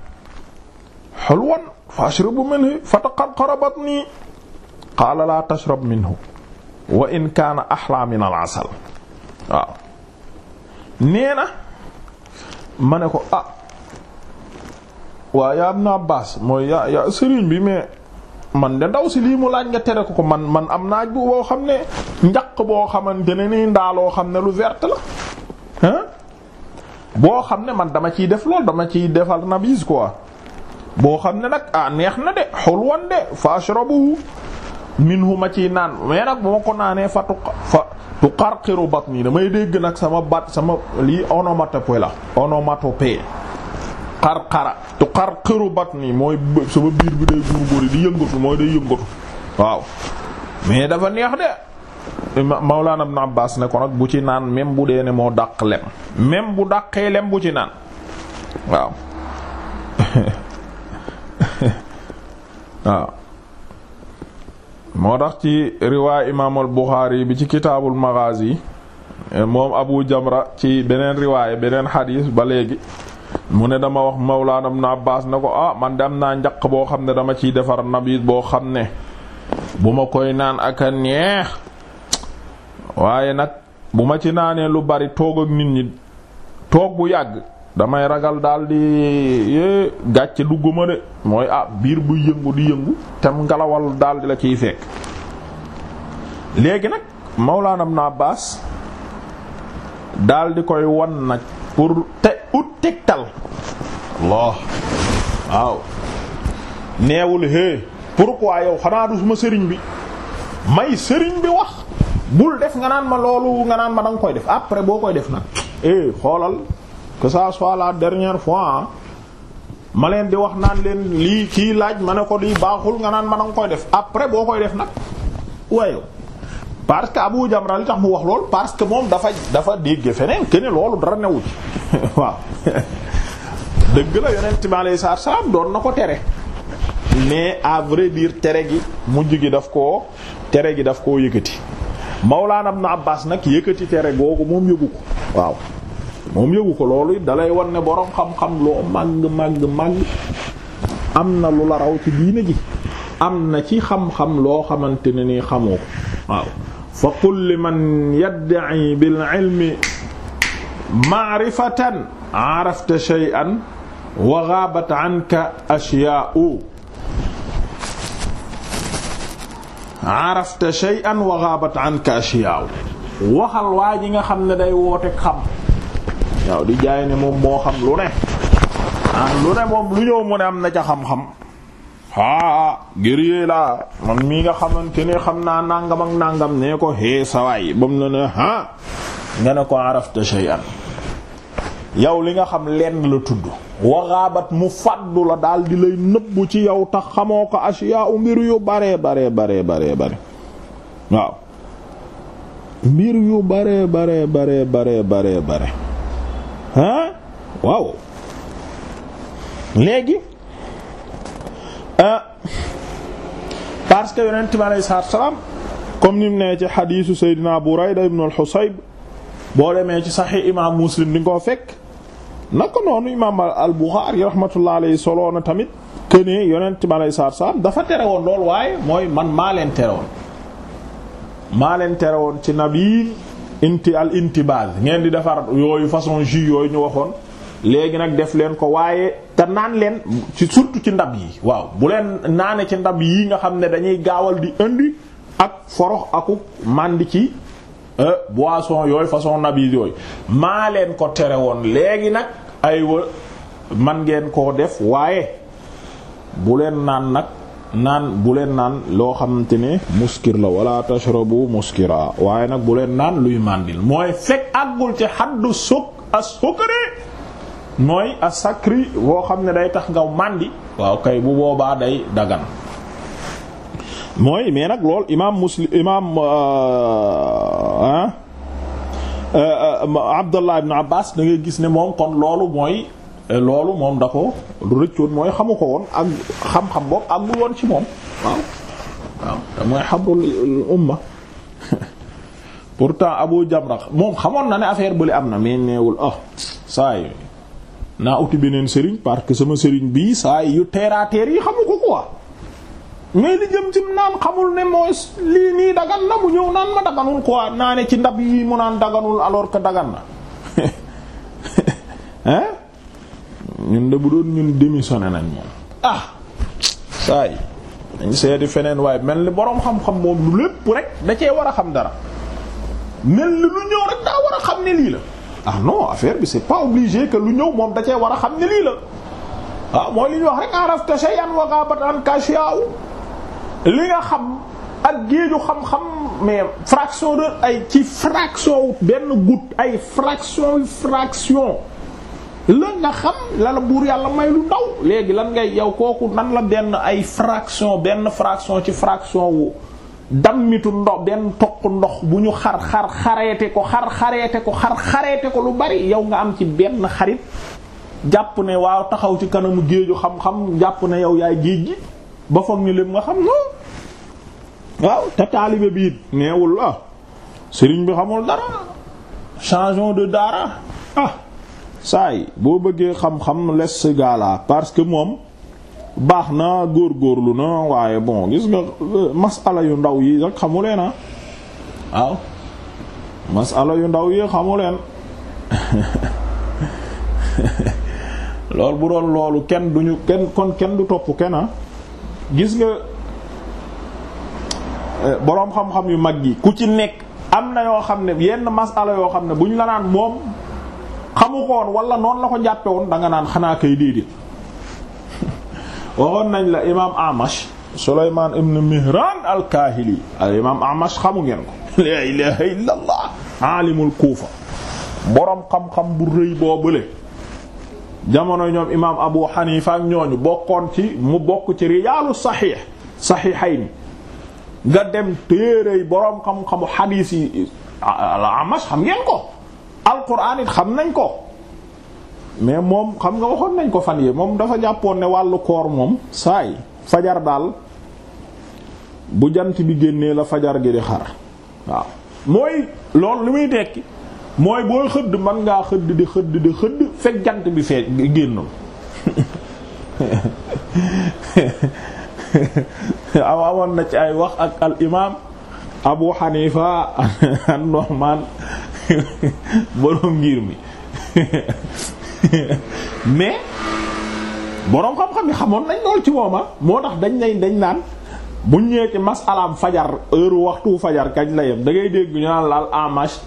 hulwan fashrabu minhu fataqarqara batni qaala laa tashrab minhu wa in kaana min al-asal waaw na ma ne ko ah waa yaa Ibn Abbas mooy ya ya sëriñ bi mais man de ndaw si lii mu laaj nga tere ko ko man man am naaj bu boo xam ne njaq boo xamante ne nii ndaaloo xam ne lu verte la boo xam ne man dama ciy def lool dama ciy defal na nabis quoi boo xam ne nag ah neex na de xulwan de fa ashrabu minhu ma ciy naan mais nag bu ko naanee fa tu fa tu qarqiru batni damay dégg nag sama bat sama lii onomatopée la onomatopée qarqara tu qarqiru batni mooy sama biir bi day góorgóorlu di yëngatu mooy day yëngatu waaw mais dafa neex de. Mawlana na Abbas na ko nag bu ci naan même bu dee ne moo dàq lem même bu dàqee lem bu ci naan waaw moo tax ci riwaay imaamul Buxaari bi ci kitaabul yi moom Abu Jamra ci beneen riwaay beneen xadiis ba léegi mu ne dama wax Mawlana Ibn Abbas na ko ah man de am naa njaq boo xam ne dama ciy defar nabiit boo xam ne bu ma koy naan aka neex waaye nag bu ma ci naanee lu bari toog ak nit ñi toog bu yàgg damay ragal daal di gàcce dugguma de mooy ah biir bu yëngu di yëngu tam ngalawal daal la ciy fekk léegi nag Mawlaana Ibn Abbaas daal di koy wan nag pour te ut tegtal Allah waaw neewul hé pourquoi yow xanaa du suma sëriñ bi may sëriñ bi wax bul def nga naan ma loolu nga naan ma danga koy def après boo koy def nag eh xoolal que ça soit la dernière fois ma leen di wax naan leen lii kii laaj ma ne ko lii baaxul nga naan ma danga koy def après boo koy def nag waaye parce que Abu Jamra li tax mu wax lool parce que moom dafa dafa dégg feneen que loolu dara newu ci waaw dëgg la yonent bi alayhi salaam doon na ko tere mais à vrai dire tere gi mujj gi daf koo tere gi daf koo yëkkati. Mawlaana Ibn Abbaas nag yëkkati tere googu moom yëgu ko waaw moom yëgu ko loolu it dalay wan ne boroom xam-xam loo màgg màgg màgg am na lu la raw ci diine ji am na ci xam-xam loo xamante ne ni xamoo ko waaw fa qul man yadda'i bil ilmi ma'rifatan arafta wa ghabat anka ashya'u arafta wa ghabat anka waxal waa ji nga xam ne day woote xam waaw di jaay ne moom moo xam lu ne ah lu ne moom lu ñëw mu ne am na ca xam-xam aa gëriyee laa man mii nga xamante ne xam naa nàngam ak nàngam nee ko hee sawaay ba mu ne ne ha nga ko arafta shay'an yow li nga xam lenn la tudd waxaabat mu fàddu la daal di lay nëbbu ci yow tax xamoo ko asiyaa mbir yu bare bare bare bare bare yu bare bare bare bare bare bare hein waaw léegi euh, parce que yonent bi alayhi salaatu comme ni mu nee ci xadiisu Seydina Burayda ibn al boo demee ci saxi imaam Muslim di nga fekk naka noonu imaam al-Bukhari rahmatullah alayhi soloo na tamit kënee yonent mi alayhi salaatu salaam dafa tere woon lool waaye mooy man maa leen tere woon maa leen tere woon ci nabiin inti al intibaz ngeen di defar yooyu façon jus yooyu ñu waxoon léegi nag def leen ko waaye te naan leen ci surtout ci ndab yi waaw bu leen naane ci ndab yi nga xam ne dañuy gaawal di indi ak forox aku màndi ci euh, boisson yooyu façon ndab yi yooyu maa leen ko tere woon léegi nag aywa man ngeen koo def waaye bu leen naan nag naan bu leen naan loo xamante ne muskir la wala tashrabu muskira waaye nag bu leen naan luy màndil mooy fekk àggul ci xaddu suk as-sukri mooy as-sakri boo xam ne day tax nga màndi waaw kay bu boobaa day dagan mooy mais nag lool imaam muslim imaam ah Euh, euh, Abdallah ibn Abbas da ngay gis ne moom kon loolu mooy euh, loolu moom da du rëccoon mooy xamu ko woon ak xam-xam boobu àggul woon ci moom waaw waaw te mooy xabrul umma pourtant Abu Jamra moom xamoon na ne affaire bële am na mais neewul ah saa naa uti beneen sëriñ parce que sama sëriñ bii saay yu teeraateer yi xamu ko quoi mais li xamul ne mooy ñëw naan ma daganul quoi ci ndab yi mu naan daganul alors que dagan na hein ñun de bu nañ moom ah feneen waaye mel ni boroom xam moom lu da cee war a xam dara ñëw rek daa war a xam ne lii la ah non affaire bi c'est pas obligé que lu ñëw moom da cee war a xam ne lii la waaw ah, mooy li ñu wax rek arafta shay'an wa ghabat an kashiyahu li nga xam ak géeju xam-xam mais fraction de ay ci fraction benn gut ay fraction fraction la nga xam la buur yàlla may lu ndaw léegi lan ngay yow kooku nan la benn ay fraction benn fraction ci fraction wu dammitu ndox benn toq ndox bu ñu xar xar xareete ko xar xareete ko lu bari yow nga am ci benn xarit jàpp ne waaw taxaw ci kanamu géeju xam-xam jàpp ne yow yaay géej gi ba foog ni lépp nga xam no waaw te taalibe bi it neewul ah sëriñ bi xamul dara changeons de dara ah saay boo bëggee xam-xam les ce gars parce que moom baax na góorgóorlu na waaye bon gis nga euh, masala yu ndaw yi rek xamuleen ah waaw yu ndaw yi xamuleen loolu bu doon loolu kenn duñu kenn kon kenn du topp kenn ah. gis nga eh, boroom xam-xam yu mag yi ku ci nekk am na yoo xam ne yenn masala yoo xam ne bu ñu la naan moom xamu ko woon wala noonu la ko jàppe woon da naan xanaa kay déedéet waxoon nañ la imaam Amash Sulaymaan ibn Mihraan al-Kaahili al imaam Amash xamu ngeen ko laa ilaaha illallah aalimul Kuufa boroom xam-xam bu rëy boo bële jamono ñoom imaam Abu Hanifa ak ñooñu bokkoon ci mu bokk ci rijaalu saxiix saxiixayni nga dem téere boroom xam-xamu xadiis yi al-Amash xam ngeen ko al-Quraan xam nañ ko mais moom xam nga waxoon nañ ko fan yi moom dafa jàppoon ne wàllu koor moom saay fajar daal bu jant bi génnee la fajar gi di xar waaw mooy loolu li muy tekki mooy booy xëdd man ngaa xëdd di xëdd di xëdd fekk jant bi feet génnul aw amoon na ci ay wax ak al imaam Abu Hanifa an-Nu'man boroom ngir mi mais boroom xam-xam yi xamoon nañ lool ci mooma ah. moo tax dañ lay dañ naan bu ñëwee ci masalaam fajar heure waxtu fajar kañ la yem da ngay dégg ñu naan laal amash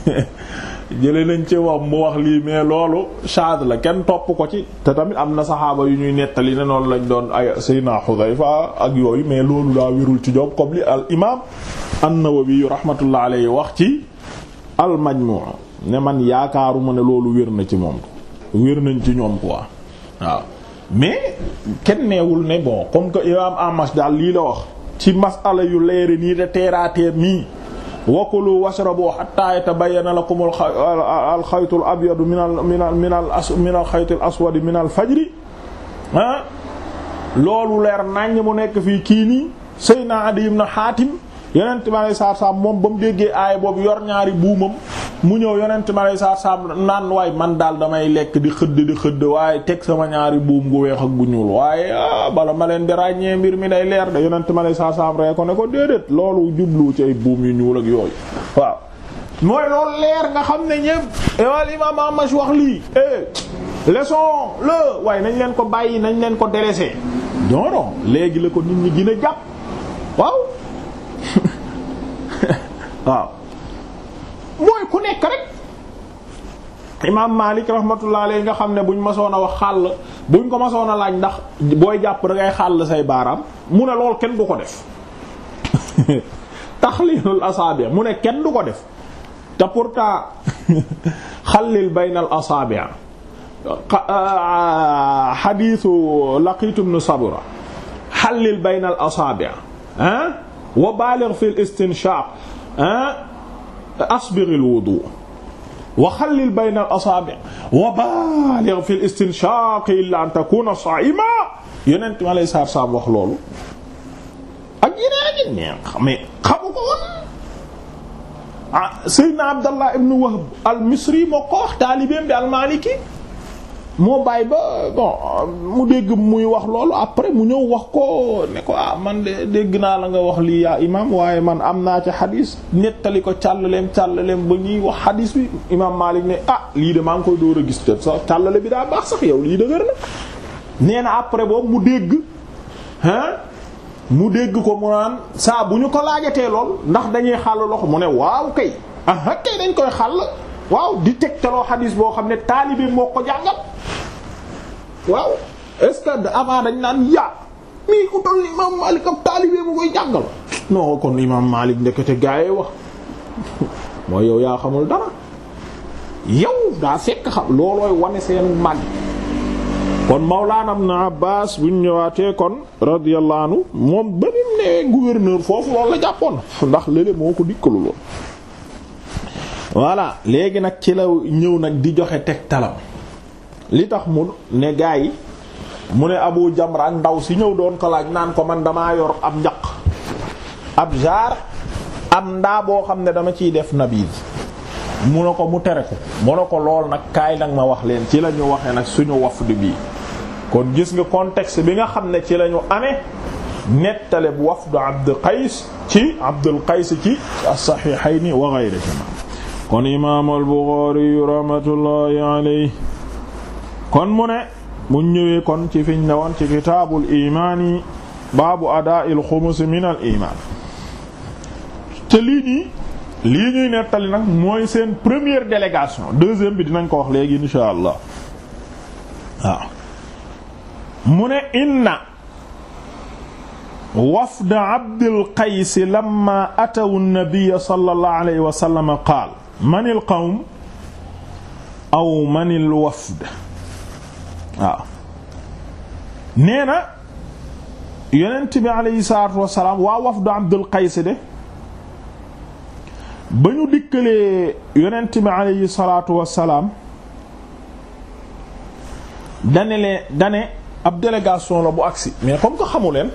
jële nañ ci wax mu wax lii mais loolu shaad la kenn topp ko ci te tamit am na saxaaba yu ñuy nettali ne noonu lañ doon ay sayna Xudayfa ak yooyu mais loolu daa wérul ci job comme li al imam an-Nawawi rahmatullah alayhi wax ci al majmu ne man yaakaaruma ne loolu wér na ci moom wér nañ ci ñoom quoi waaw mais kenn neewul ne bon comme que imam Amash daal lii la wax ci masala yu leere nii de teeraatee mii wakulu washrabu hatta yatabayyana lakum alxaytu al abyadu min al min al min al as min al xayti al aswadi min al fajri ah loolu leer naññ mu nekk fii kii nii Seydina Adi ibn Hatim yonent bi aleyhi salaatu salaam moom ba mu déggee aaya boobu yor ñaari buumam mu ñëw yonent bi aleyhi salaatu salaam naan waay man daal damay lekk di xëdd di xëdd waaye teg sama ñaari buum gu weex ak gu ñuul waaye ah, bala ma leen di ràññee mbir mi day leer de yonent ma aleyhi salaatu salaam ree ko ne ko déedéet loolu jublu ci ay buum yu ñuul ak yooyu waaw. mooy loolu leer nga xam ne ñëpp ewal eh, imam Amash wax lii eh la waaye nañ leen ko bàyyi nañ leen ko délaissé non léegi la ko nit ñi gën a waaw mooy ku nekk rek imaam Maalik rahmatullah alayhi nga xam ne bu buñ masoon a wax xàll buñ ko masoon a laaj ndax booy jàpp da ay xàll say baaraam mu ne lool kenn du ko def taxliilul asaabi mu ne kenn du ko def te pour pourtant xallil baynal asaabi euh, euh, xadiisu laqiitu ibn sabra xallil baynal asaabi ah wa baaligh fil istinshaq ah, asbiril wudu wa xallil bayna al asaabi wa baaligh fil istinshaq illa an takuna saa'ima yonent ma lay saar saab wax loolu ak yeneen ñi mais xamu ko woon ah Seydina Abdallah ibn Wahb al Misri moo ko wax taalibeem bi al Maliki moo bàyyi ba bon mu dégg muy wax loolu après mu ñëw wax ko ne ko ah man de dégg naa la nga wax lii yaa imam waaye man am naa ci xadis nettali ko càllaleem càllaleem ba ñuy wax xadis bi imam Malik ne ah lii de maa ngi koy dóor a gis te sax càllale bi daa baax sax yow lii dëgër na nee après boobu mu dégg hein mu dégg ko mu naan saa bu ñu ko laajatee lool ndax dañuy xàll loxo mu ne waaw kay ah kay dañ koy xàll waaw di teg tegtaloo xadiis boo xam ne taalibe moo ko jàngal waaw est-ce que avant dañ naan yaa mii ku toll imaam Maalik am taalibe mu koy jàngal non kon imaam Maalik ndekete gaayee wax mooy yow yaa xamul dara yow daa fekk xam loolooy wane seen mag kon Mawlaana Ibn Abbaas bu ñu ñëwaatee kon radiyallahu anhu moom ba mu ne gouverneur foofu loolu la jàppoon ndax léeg moo ko dikkalu lool voilà léegi nag ci la ñëw nag di joxe teg talam li tax mu ne gaa yi mu ne abu jamra ak ndaw si ñëw doon ko laaj naan ko man damaa yor ab njaq ab jaar am ndaa boo xam ne dama ciy def nabiid mu ne ko mu tere ko mu ne ko lool nag kaay nag ma wax leen ci la ñu waxee nag suñu wafdu bi kon gis nga contexte bi nga xam ne ci la ñu nettale nettaleb wafdu Abdul Qays ci Abdul Qays ci as-Sahihayni wa ghayrihima kon imaam al-Buxaari alayhi kon mu ne mu ñëwee kon ci fiñ ne woon ci kitaabul imaani baabu adaa'il xumus min al te lii nii nettali nag mooy seen première délégation deuxième bi dinañ ko wax léegi insha allah waaw mu ne inna wafda abdil qays lamma ataw an-nabiy qaal manil qawm aw manil wafd waaw nee na yonent bi aleyhi salaatu wasalaam waa wafdu Abdul Qays de ba ñu dikkalee yonent bi aleyhi salaatu wasalaam dane leen dane ab délégation la bu agsi mais comme que xamu leen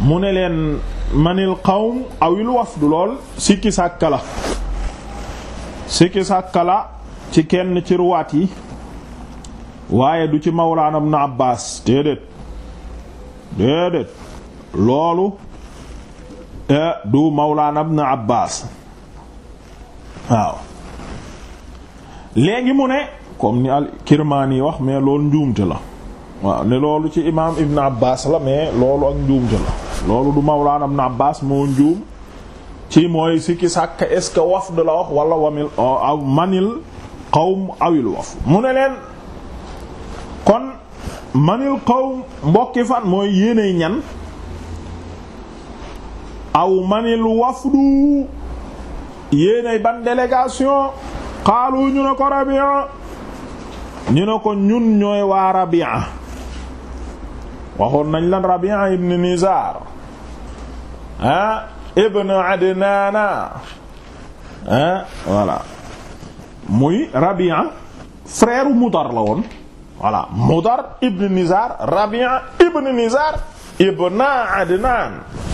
mu ne leen manil qawm awil wafdu lool siki sàkka la sikki sàkka la ci kenn ci yi waaye du ci mawlaana ibn Abbaas déedéet loolu eh, du mawlaana ibn Abbaas waaw léegi mu ne koom ni al Kirmaani wax mais loolu njuumte la waaw ne loolu ci imaam ibn Abbaas la mais loolu ak njuumte la loolu du Mawlaana Ibn Abbaas moo njuum ci mooy sikki sàkk est-ce que wafd la wax wala wamil euh, aw manil qawm awil waf mu ne leen kon manil qawm mbokki fan mooy yéeney ñan aw manil wafdu yéenay ban délégation xaalu ñu ne ko rabia ñu ne ko ñun ñooy waa rabia waxoon nañ lan rabia ibn nizar ah ibnu adnaana ah voilà muy rabia frère mudar la woon voilà mudar ibn nizar rabia ibn nizar ibna adnaan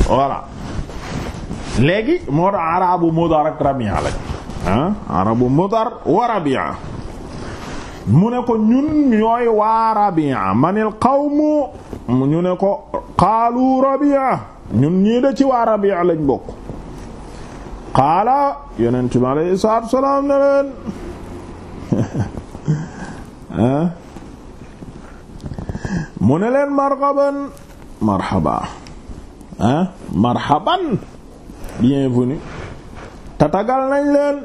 voilà léegi moo tax arabu mudar ak rabia lañ ah arabu mudar wa rabia mu ne ko ñun ñooy waa rabia manil qawmu ñu ne ko qaalu rabia ñun ñii de ci waa Rabi'a lañ bokk xaala yonent bi alayhi sa wa salaam ne leen ah mu ne leen marhaban marhaba ah marhaban bienvenue tatagal nañ leen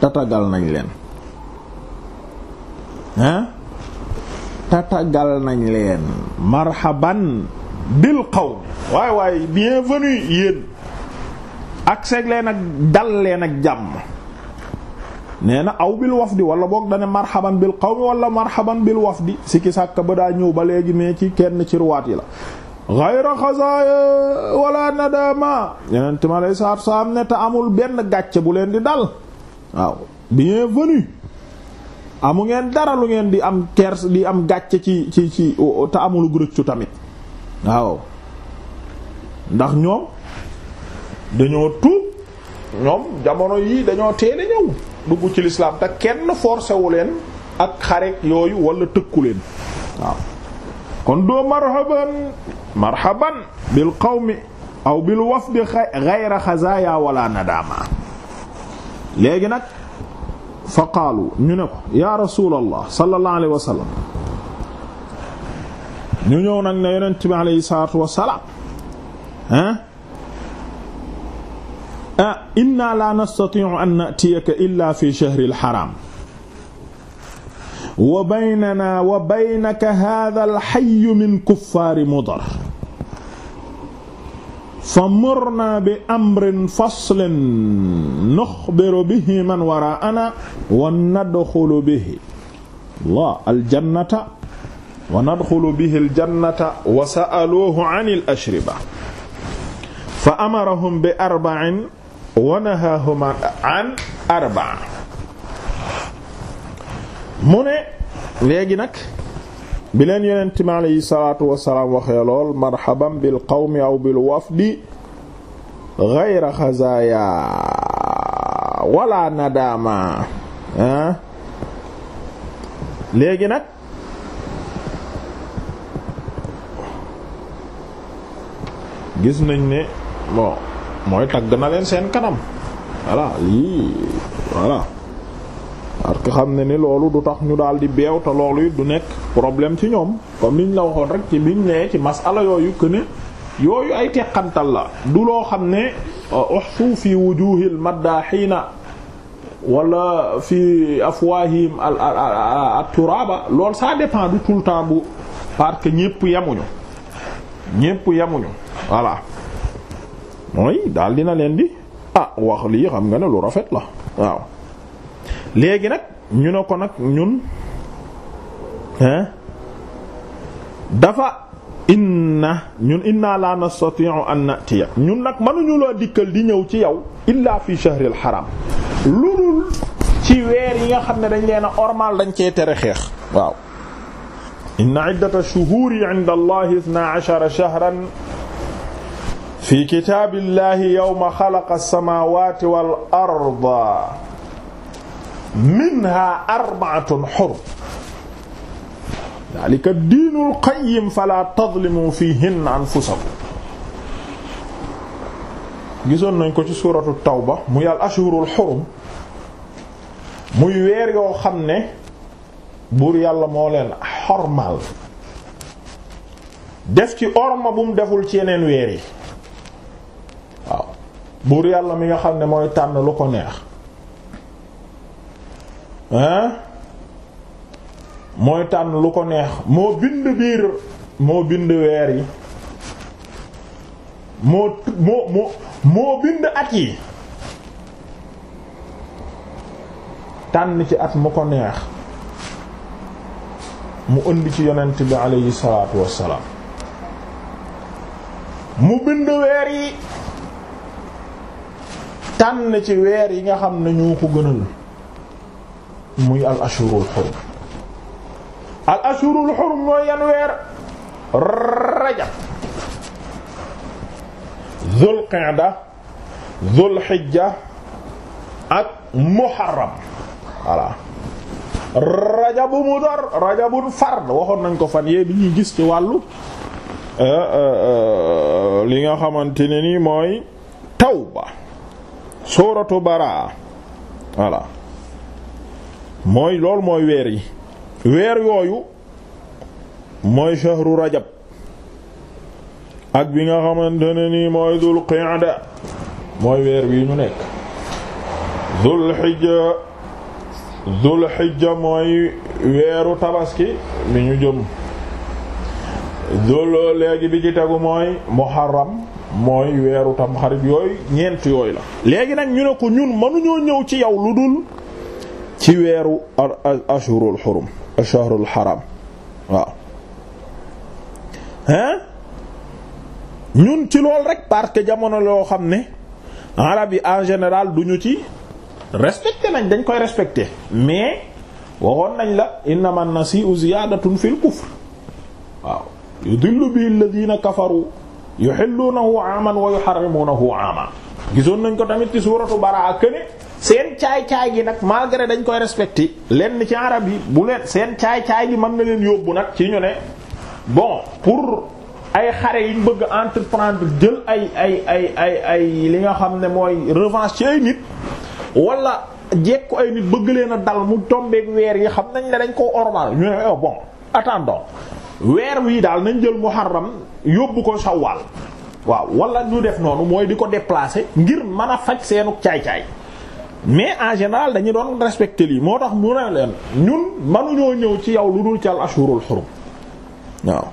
tatagal nañ leen ah tatagal nañ leen marhaban bil qawm waay waay bienvenue yéen ak seeg leen ak dal leen ak jàmm nee na aw bil wafdi wala boog dane marhaban bil qawmi wala marhaban bil wafdi sikki sàkk ba daa ñëw ba léegi mais ci kenn ci yi la xayra xasaaya wala nadama yeneen ma lay saar saam ne te amul benn gàcce bu leen di dal waaw bienvenue amu ngeen dara lu ngeen di am kers di am gàcce ci ci ci te amulu gurëccu tamit waaw ndax ñoom dañoo tuub ñoom jamono yii dañoo teele ñëw dugg ci lislaam te kenn forcé wu leen ak xarek yooyu wala tëkku leen waaw kon doo marhaban marhaban bil qawmi aw bil wafdi ghayra xazaya wala nadama léegi nag fa qaalu ñu ne ko yaa rasulallah sallallahu alayhi wa sallam ñu ñëw nag ne yonent bi alayhi salaatu wasalaam ah ah inna la nastati'u an natiyaka illa fi shahri alxaram wa baynana wa baynaka hadha alxayyu min kuffaari mudar fa murna bi amrin faslin nuxbiru bihi man waraana wa nadxulu bihi Allah aljannata wa nadxulu bihi aljannata wa sa'aluuhu anil ashriba fa amarahum bi arba'in wa nahaahum an arba'a mu ne léegi nag bi leen yonent mi aleyhi salaatu wasalaam waxee marxaban bil qawmi aw bil wafdi gayra xazaaya wala nadaama ah léegi nag gis nañ ne bon mooy tagg na leen seen kanam voilà lii voilà parce que xam ne ni loolu du tax ñu daal di beew te loolu it du nekk problème ci ñoom comme niñ la waxoon rek ci biñ nee ci masala yooyu que yooyu ay teqantal la du loo xam ne euh, uhsu fi wujuhil maddahiina wala fi afwahim al turaba lool sa dépend du tout le temps bu parce que ñépp yemuñu ñépp yemuñu voilà mooy daal dina leen di ah wax lii xam nga ne lu rafet la waaw léegi nag ñu ne ko nag ñun hein dafa inna ñun inna la nastati'u an natiya ñun nag mënuñu loo dikkal di ñëw ci yow illa fi shahril haram lu ci weer yi xam ne dañ leena ormal dañ cee tere xeex waaw inna iddata shuhuri 'inda allahi ithna 'ashara shahran fi kitabillahi yawma khalaqa as-samawati wal arda minha arbaatun xur daalika diinul qayyim fala tadlimu fihin anfusakum gisoon nañ ko ci suuratu tawba muy al ashhurul xurum muy weer yoo xam ne buur yàlla moo leen xormaal def ci orma bu mu deful ci yeneen weer yi waaw buur yàlla mi nga xam ne mooy tànn lu ko neex hein mooy tànn lu ko neex moo bind biir moo bind weer yi moo moo moo moo bind at yi tànn ci at mu ko neex mu ënd ci yonent bi alayhi salaatu wassalaam mu bind weer yi tànn ci weer yi nga xam ne ñoo ko gënal muy al ashurul xurum al ashurul xurum mooy yan weer rajab dhul qa'da dhul hijja ak muharram voilà rajabu mudar rajabun fard waxoon nañ ko fan yee bi ñuy gis ci wàllu euh, euh, li nga xamante ne ni mooy tawba suratu baraa voilà mooy loolu mooy weer yi weer yooyu mooy shahru rajab ak bi nga xamante ne nii mooy dul qa'da weer wi ñu nekk dul xijja dul xijja mooy weeru tabaski bi ñu jëm dul léegi bi ci tegu mooy muharram mooy weeru tam xarit yooyu ñeent yooyu la léegi nag ñu ne ko ñun mënuñoo ñëw ci yow lu dul ci weeru ashhurul xurum ashhurul xaram waaw hein ñun ci lool rek parce que jamono loo xam ne arab yi en général duñu ci respecté nañ dañ koy respecté mais waxoon nañ la innama nasi'u ziyadatun fil kufr waaw yudillu bi alladhina kafaru yuhillunahu aman wa yuharrimunahu aman gisoon nañ ko tamit ci suuratu baraa këne seen caay-caay gi nag malgré dañ koy respecté lenn ci arab yi bu leen seen caay-caay gi mën na leen yóbbu nag ci ñu ne bon pour ay xare yi ñu bëgg entreprendre jël ay ay ay ay ay li nga xam ne mooy revanche ci ay nit wala jekku ay nit bëgg leen a dal mu tombeek weer yi xam nañ ne dañ ko ormal ñu ne oh, bon attendons weer wii daal nañ jël muharram yóbbu ko sawwal waaw wala ñu def noonu mooy di ko déplacer ngir mën a faj seenu caay-caay mais en général dañu doon respecté lii moo tax mu ne leen ñun mënuñoo ñëw ci yow lu dul ci al ashurul xurum waaw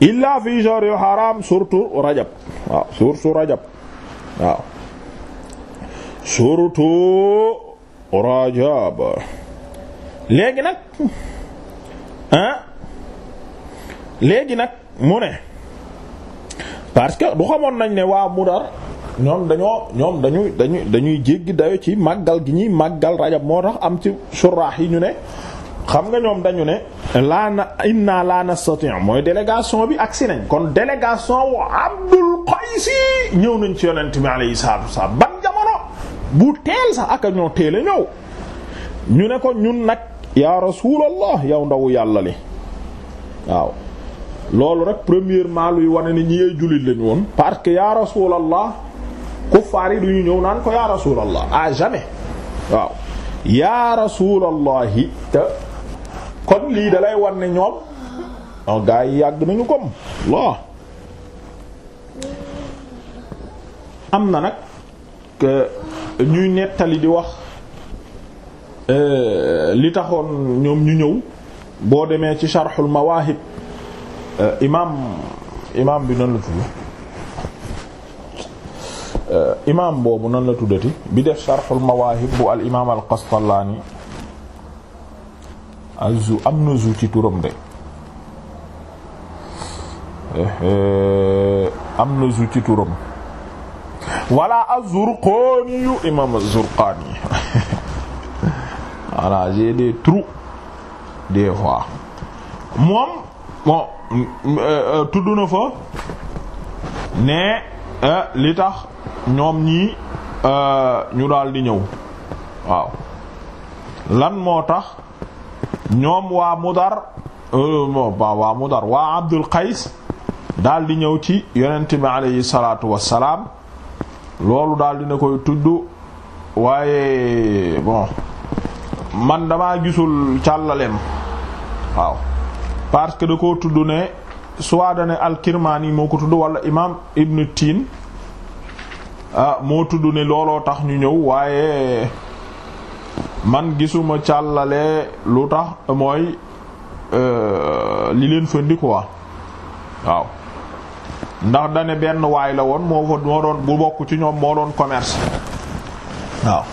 illa fi shahr yu haram surtout rajab waaw surtout rajab léegi nag ah léegi nag mu ne parce que du xamoon nañ ne waa Mudar ñoom dañoo ñoom dañuy dañuy dañuy jéggi dayo ci màggal gi ñuy màggal rajab moo tax am ci suraax yi ñu ne xam nga ñoom dañu ne laana inna la nastati' mooy délégation bi agsi nañ kon délégation wu Abdul Qays ñëw nañ ci yonent bi alayhi salaatu wasallam ban jamono bu teel sax aka ñoo teel a ñëw ñu ne ko ñun nag ya rasulallah yow ndawu yàlla li waaw loolu rek premièrement luy wane ni ñi ay jullit lañ woon parce que ya kuffaar yi du ñu ñëw naan ko yaa rasulallah à jamais waaw yaa rasulallahi te kon lii dalay wan ne ñoom ah, gaa yi yàgg nañu comme am na nag ñuy nettali di wax euh, li taxoon ñoom ñu ñëw boo demee ci sharxul mawaahib euh, imaam imaam bi nan la tudd imaam boobu nan la tuddati bi def sharxul mawaahib bu al imaam al Qastallaani am na zu ci turam de eh, eh, am na zu ci turam wala az-Zurqaani yu imaam az-Zurqaani voilà j'ai des trous des fois moom bon euh, euh, fa ne euh, li tax ñoom ñii euh, ñu daal di ñëw waaw lan moo tax ñoom waa Mudar euh, waa Mudar waa Abdul Qays daal di ñëw ci yonent bi aleyhi salaatu wassalaam loolu daal dina koy tudd waaye bon man damaa gisul càllaleem waaw parce que da ko tudd ne soit da ne al-Kirmaani moo ko tudd walla imaam Ibn Tin ah moo tudd ne looloo tax ñu ñëw waaye man gisuma càllale lu tax mooy euh, li leen fëndi waaw ndax dane benn waay la woon moo fa moo doon bu bokk ci ñoom moo doon commerce waaw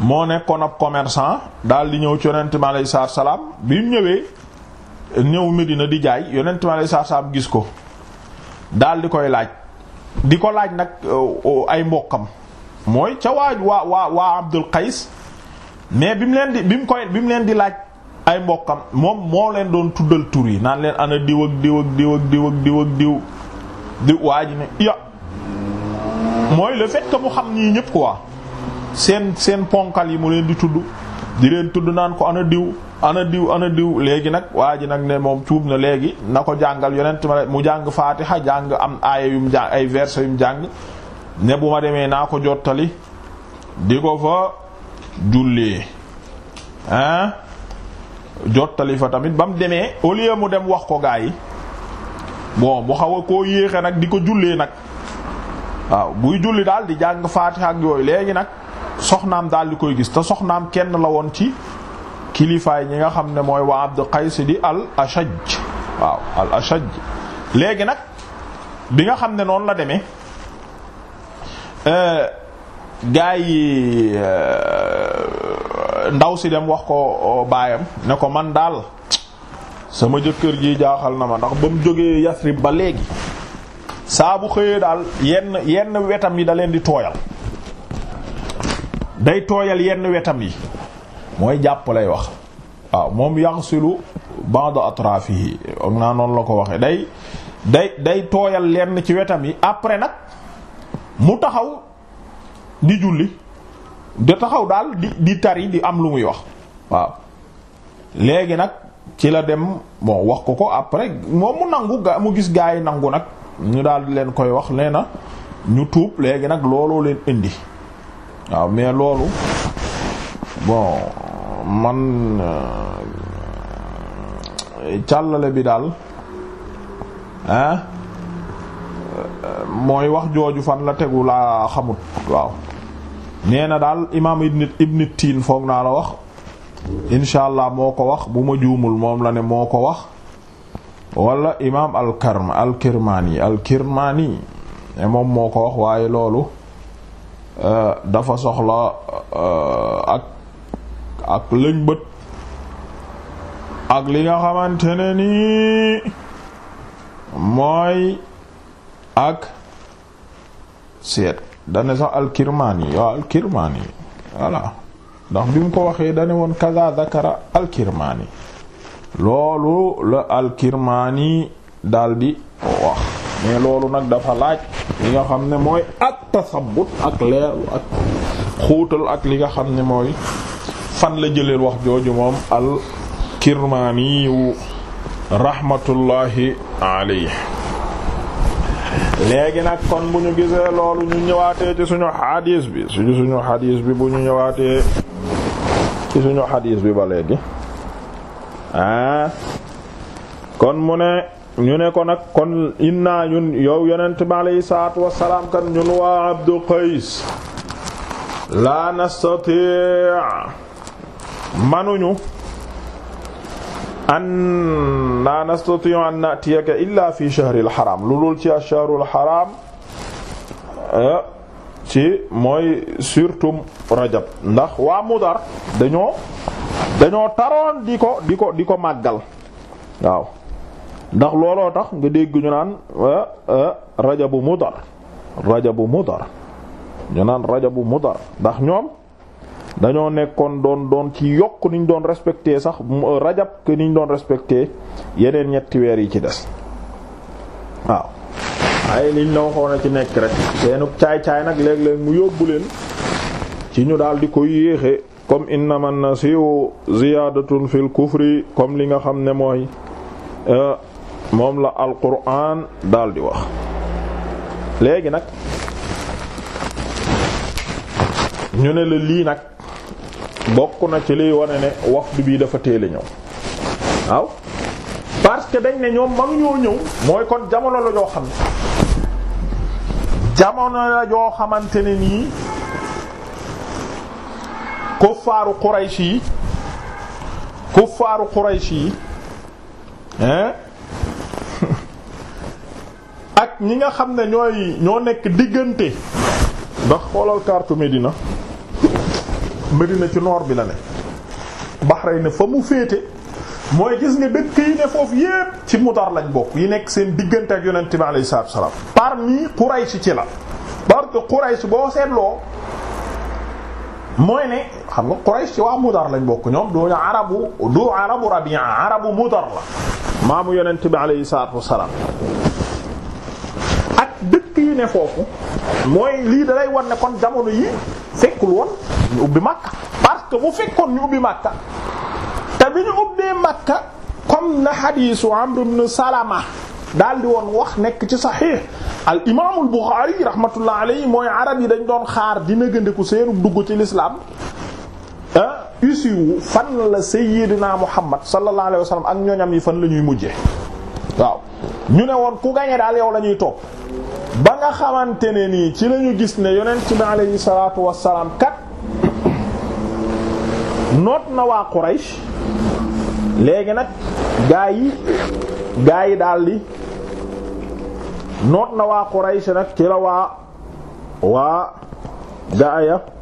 moo nekkoon ab commercant daal di ñëw ci yonent mi alayhi salaatu salaam bi mu ñëwee ñëw Medina di jaay yonent mi gis ko daal di koy laaj di ko laaj nag euh, ay mbokkam mooy ca waaj waa waa waa Abdul Qays mais bi mu leen di bi mu koy bi mu leen di laaj ay mbokkam moom moo leen doon tuddal tur yi naan leen ana diw ak diw ak diw ak diw ak diw ak diw di waa ji ne mooy le fait mu xam ñii ñëpp quoi seen seen ponkal yi mu leen di tudd di leen tudd naan ko ana diw ana diw ana diw léegi nag waa ji nag ne moom tuub na léegi na ko jàngal yonent ma mu jàng faatiha jàng am aaya yu mu jàng ay verset yu mu jàng ne bu ma demee naa ko jottali di ko fa jullee ah jottali fa tamit ba mu demee au mu dem wax ko gaa yi bon mu xaw a koo yéexe nag di ko jullee nag waaw buy julli daal di jàng faatiha ak yooyu léegi nag soxnaam daal di koy gis te soxnaam kenn la woon ci kilifaay ñi nga xam ne mooy waa Abdu Qays di al ashaj waaw al ashaj léegi nag bi nga xam ne noonu la deme euh, gaa yi euh, ndaw si dem wax ko euh, baayam ne ko man daal sama jëkkër ji jaaxal na ma ndax ba mu jógee Yasrib ba léegi saa bu xëyee daal yenn yenn wetam yi da leen di tooyal day tooyal yenn wetam yi mooy jàpp lay wax waaw moom yaxsilu ba'da atrafihi ak naa noonu la ko waxee day day day tooyal lenn ci wetam yi après nag mu taxaw di julli di taxaw daal di di tari di am lu muy wax waaw léegi nag ci la dem bon wax ko ko après moom mu nangu mu gis gaa yi nangu nag ñu daal di leen koy wax nee na ñu tuub léegi nag looloo leen indi waaw mais loolu bon man euh, càllale bi daal ah mooy wax jooju fan la tegu laa xamut waaw nee na daal imaam ibn ibn tiin foog naa la wax insha allah moo ko wax bu ma juumul moom la ne moo ko wax wala imaam al karm al kirmaani al moom moo ko wax waaye loolu Euh, dafa soxla euh, ak ak lëñ ak li nga xamante ne nii mooy ak seet dane sax alkirmaan yi waaw alkirmaan yi voilà ndax bi mu ko waxee dane woon kaza zakara alkirmaan loolu la alkirmaan yi daldi wax mais loolu nag dafa laaj li nga xam ne mooy at tasabbut ak leerlu ak xuutal ak li nga xam ne mooy fan la jëleel wax jooju moom al kirmaaniyu rahmatullahi alayhi léegi nag kon bu ñu gisee loolu ñu ñëwaatee ci suñu xadiis bi suñu suñu xadiis bi bu ñu ñëwaatee ci suñu xadiis bi ba léegi ah kon mu ne ñu ne ko nag kon inna ñun yow yonent bi aleyhi salaatu wassalaam kan ñun waa Abdu Qays laa nastati' manuñu an laa nastati' an natiyaka illa fi shahril haram lu dul ci shahrul haram eh, ci mooy surtout rajab ndax waa Mudar dañoo dañoo taroon di ko di ndax looloo tax nga dégg ñu naan eh, eh, rajabu mudar rajabu mudar ñu naan rajabu mudar ndax ñoom dañoo nekkoon doon doon ci yokk niñ doon respecté sax rajab que niñ doon respecté yeneen ñetti weer yi ci des waaw waaye liñ la waxoon a ci nekk rek seenu caay-caay nag léeg-léeg mu yóbbu leen ci ñu daal di ko yéexe comme na innama nasiu ziyadatun fil kufri comme li nga xam ne mooy eh, moom la alquran daal di wax léegi nag ñu ne la lii nag bokk na ci liy wane ne waxtu bii dafa teel a ñëw waaw parce que dañ ne ñoom mag ñoo ñëw mooy kon jamono la ñoo xam jamono la joo xamante ne nii kuffaaru Quraysh yi kuffaaru Quraysh yi hein ñi nga xam ne ñooy ñoo nekk diggante ndax xoolal carte Médina Médina ci noor bi la ne Bahrain fa mu féete mooy gis nga dëkk yi ne foofu yépp ci mutar lañ bokk yi nekk seen diggante ak yonent bi alayhi salaatu wa salaam parmi Quraysh ci la parce que Quraysh boo seetloo mooy ne xam nga Quraysh ci waa mutar lañ bokk ñoom du arabu du arabu Rabi'a arabu mutar la maamu yonent bi salaatu salaam yi ne foofu mooy lii da lay wan ne kon jamono yi fekkul woon ñu ubbi Makka parce que bu fekkoon ñu ubbi Makka te bi ñu ubbee Makka comme na hadiisu Amr ibn Salama daal di woon wax nekk ci saxiix al imaamul Buxaari rahmatullah alayhi mooy arab yi dañ doon xaar dina gëndeku seenu dugg ci lislaam ah usi fan la Seyyidina Muhammad sallallahu alayhi wa ak ñooñam yi fan lañuy ñuy waaw ñu ne woon ku gañe daal yow la ñuy topp ba nga xamante ne nii ci lañu gis ne yonent bi alayhi salaatu wassalaam kat noot na waa Quraysh léegi nag gaa yi gaa yi daldi noot na waa Quraysh nag ci la waa waa gaaya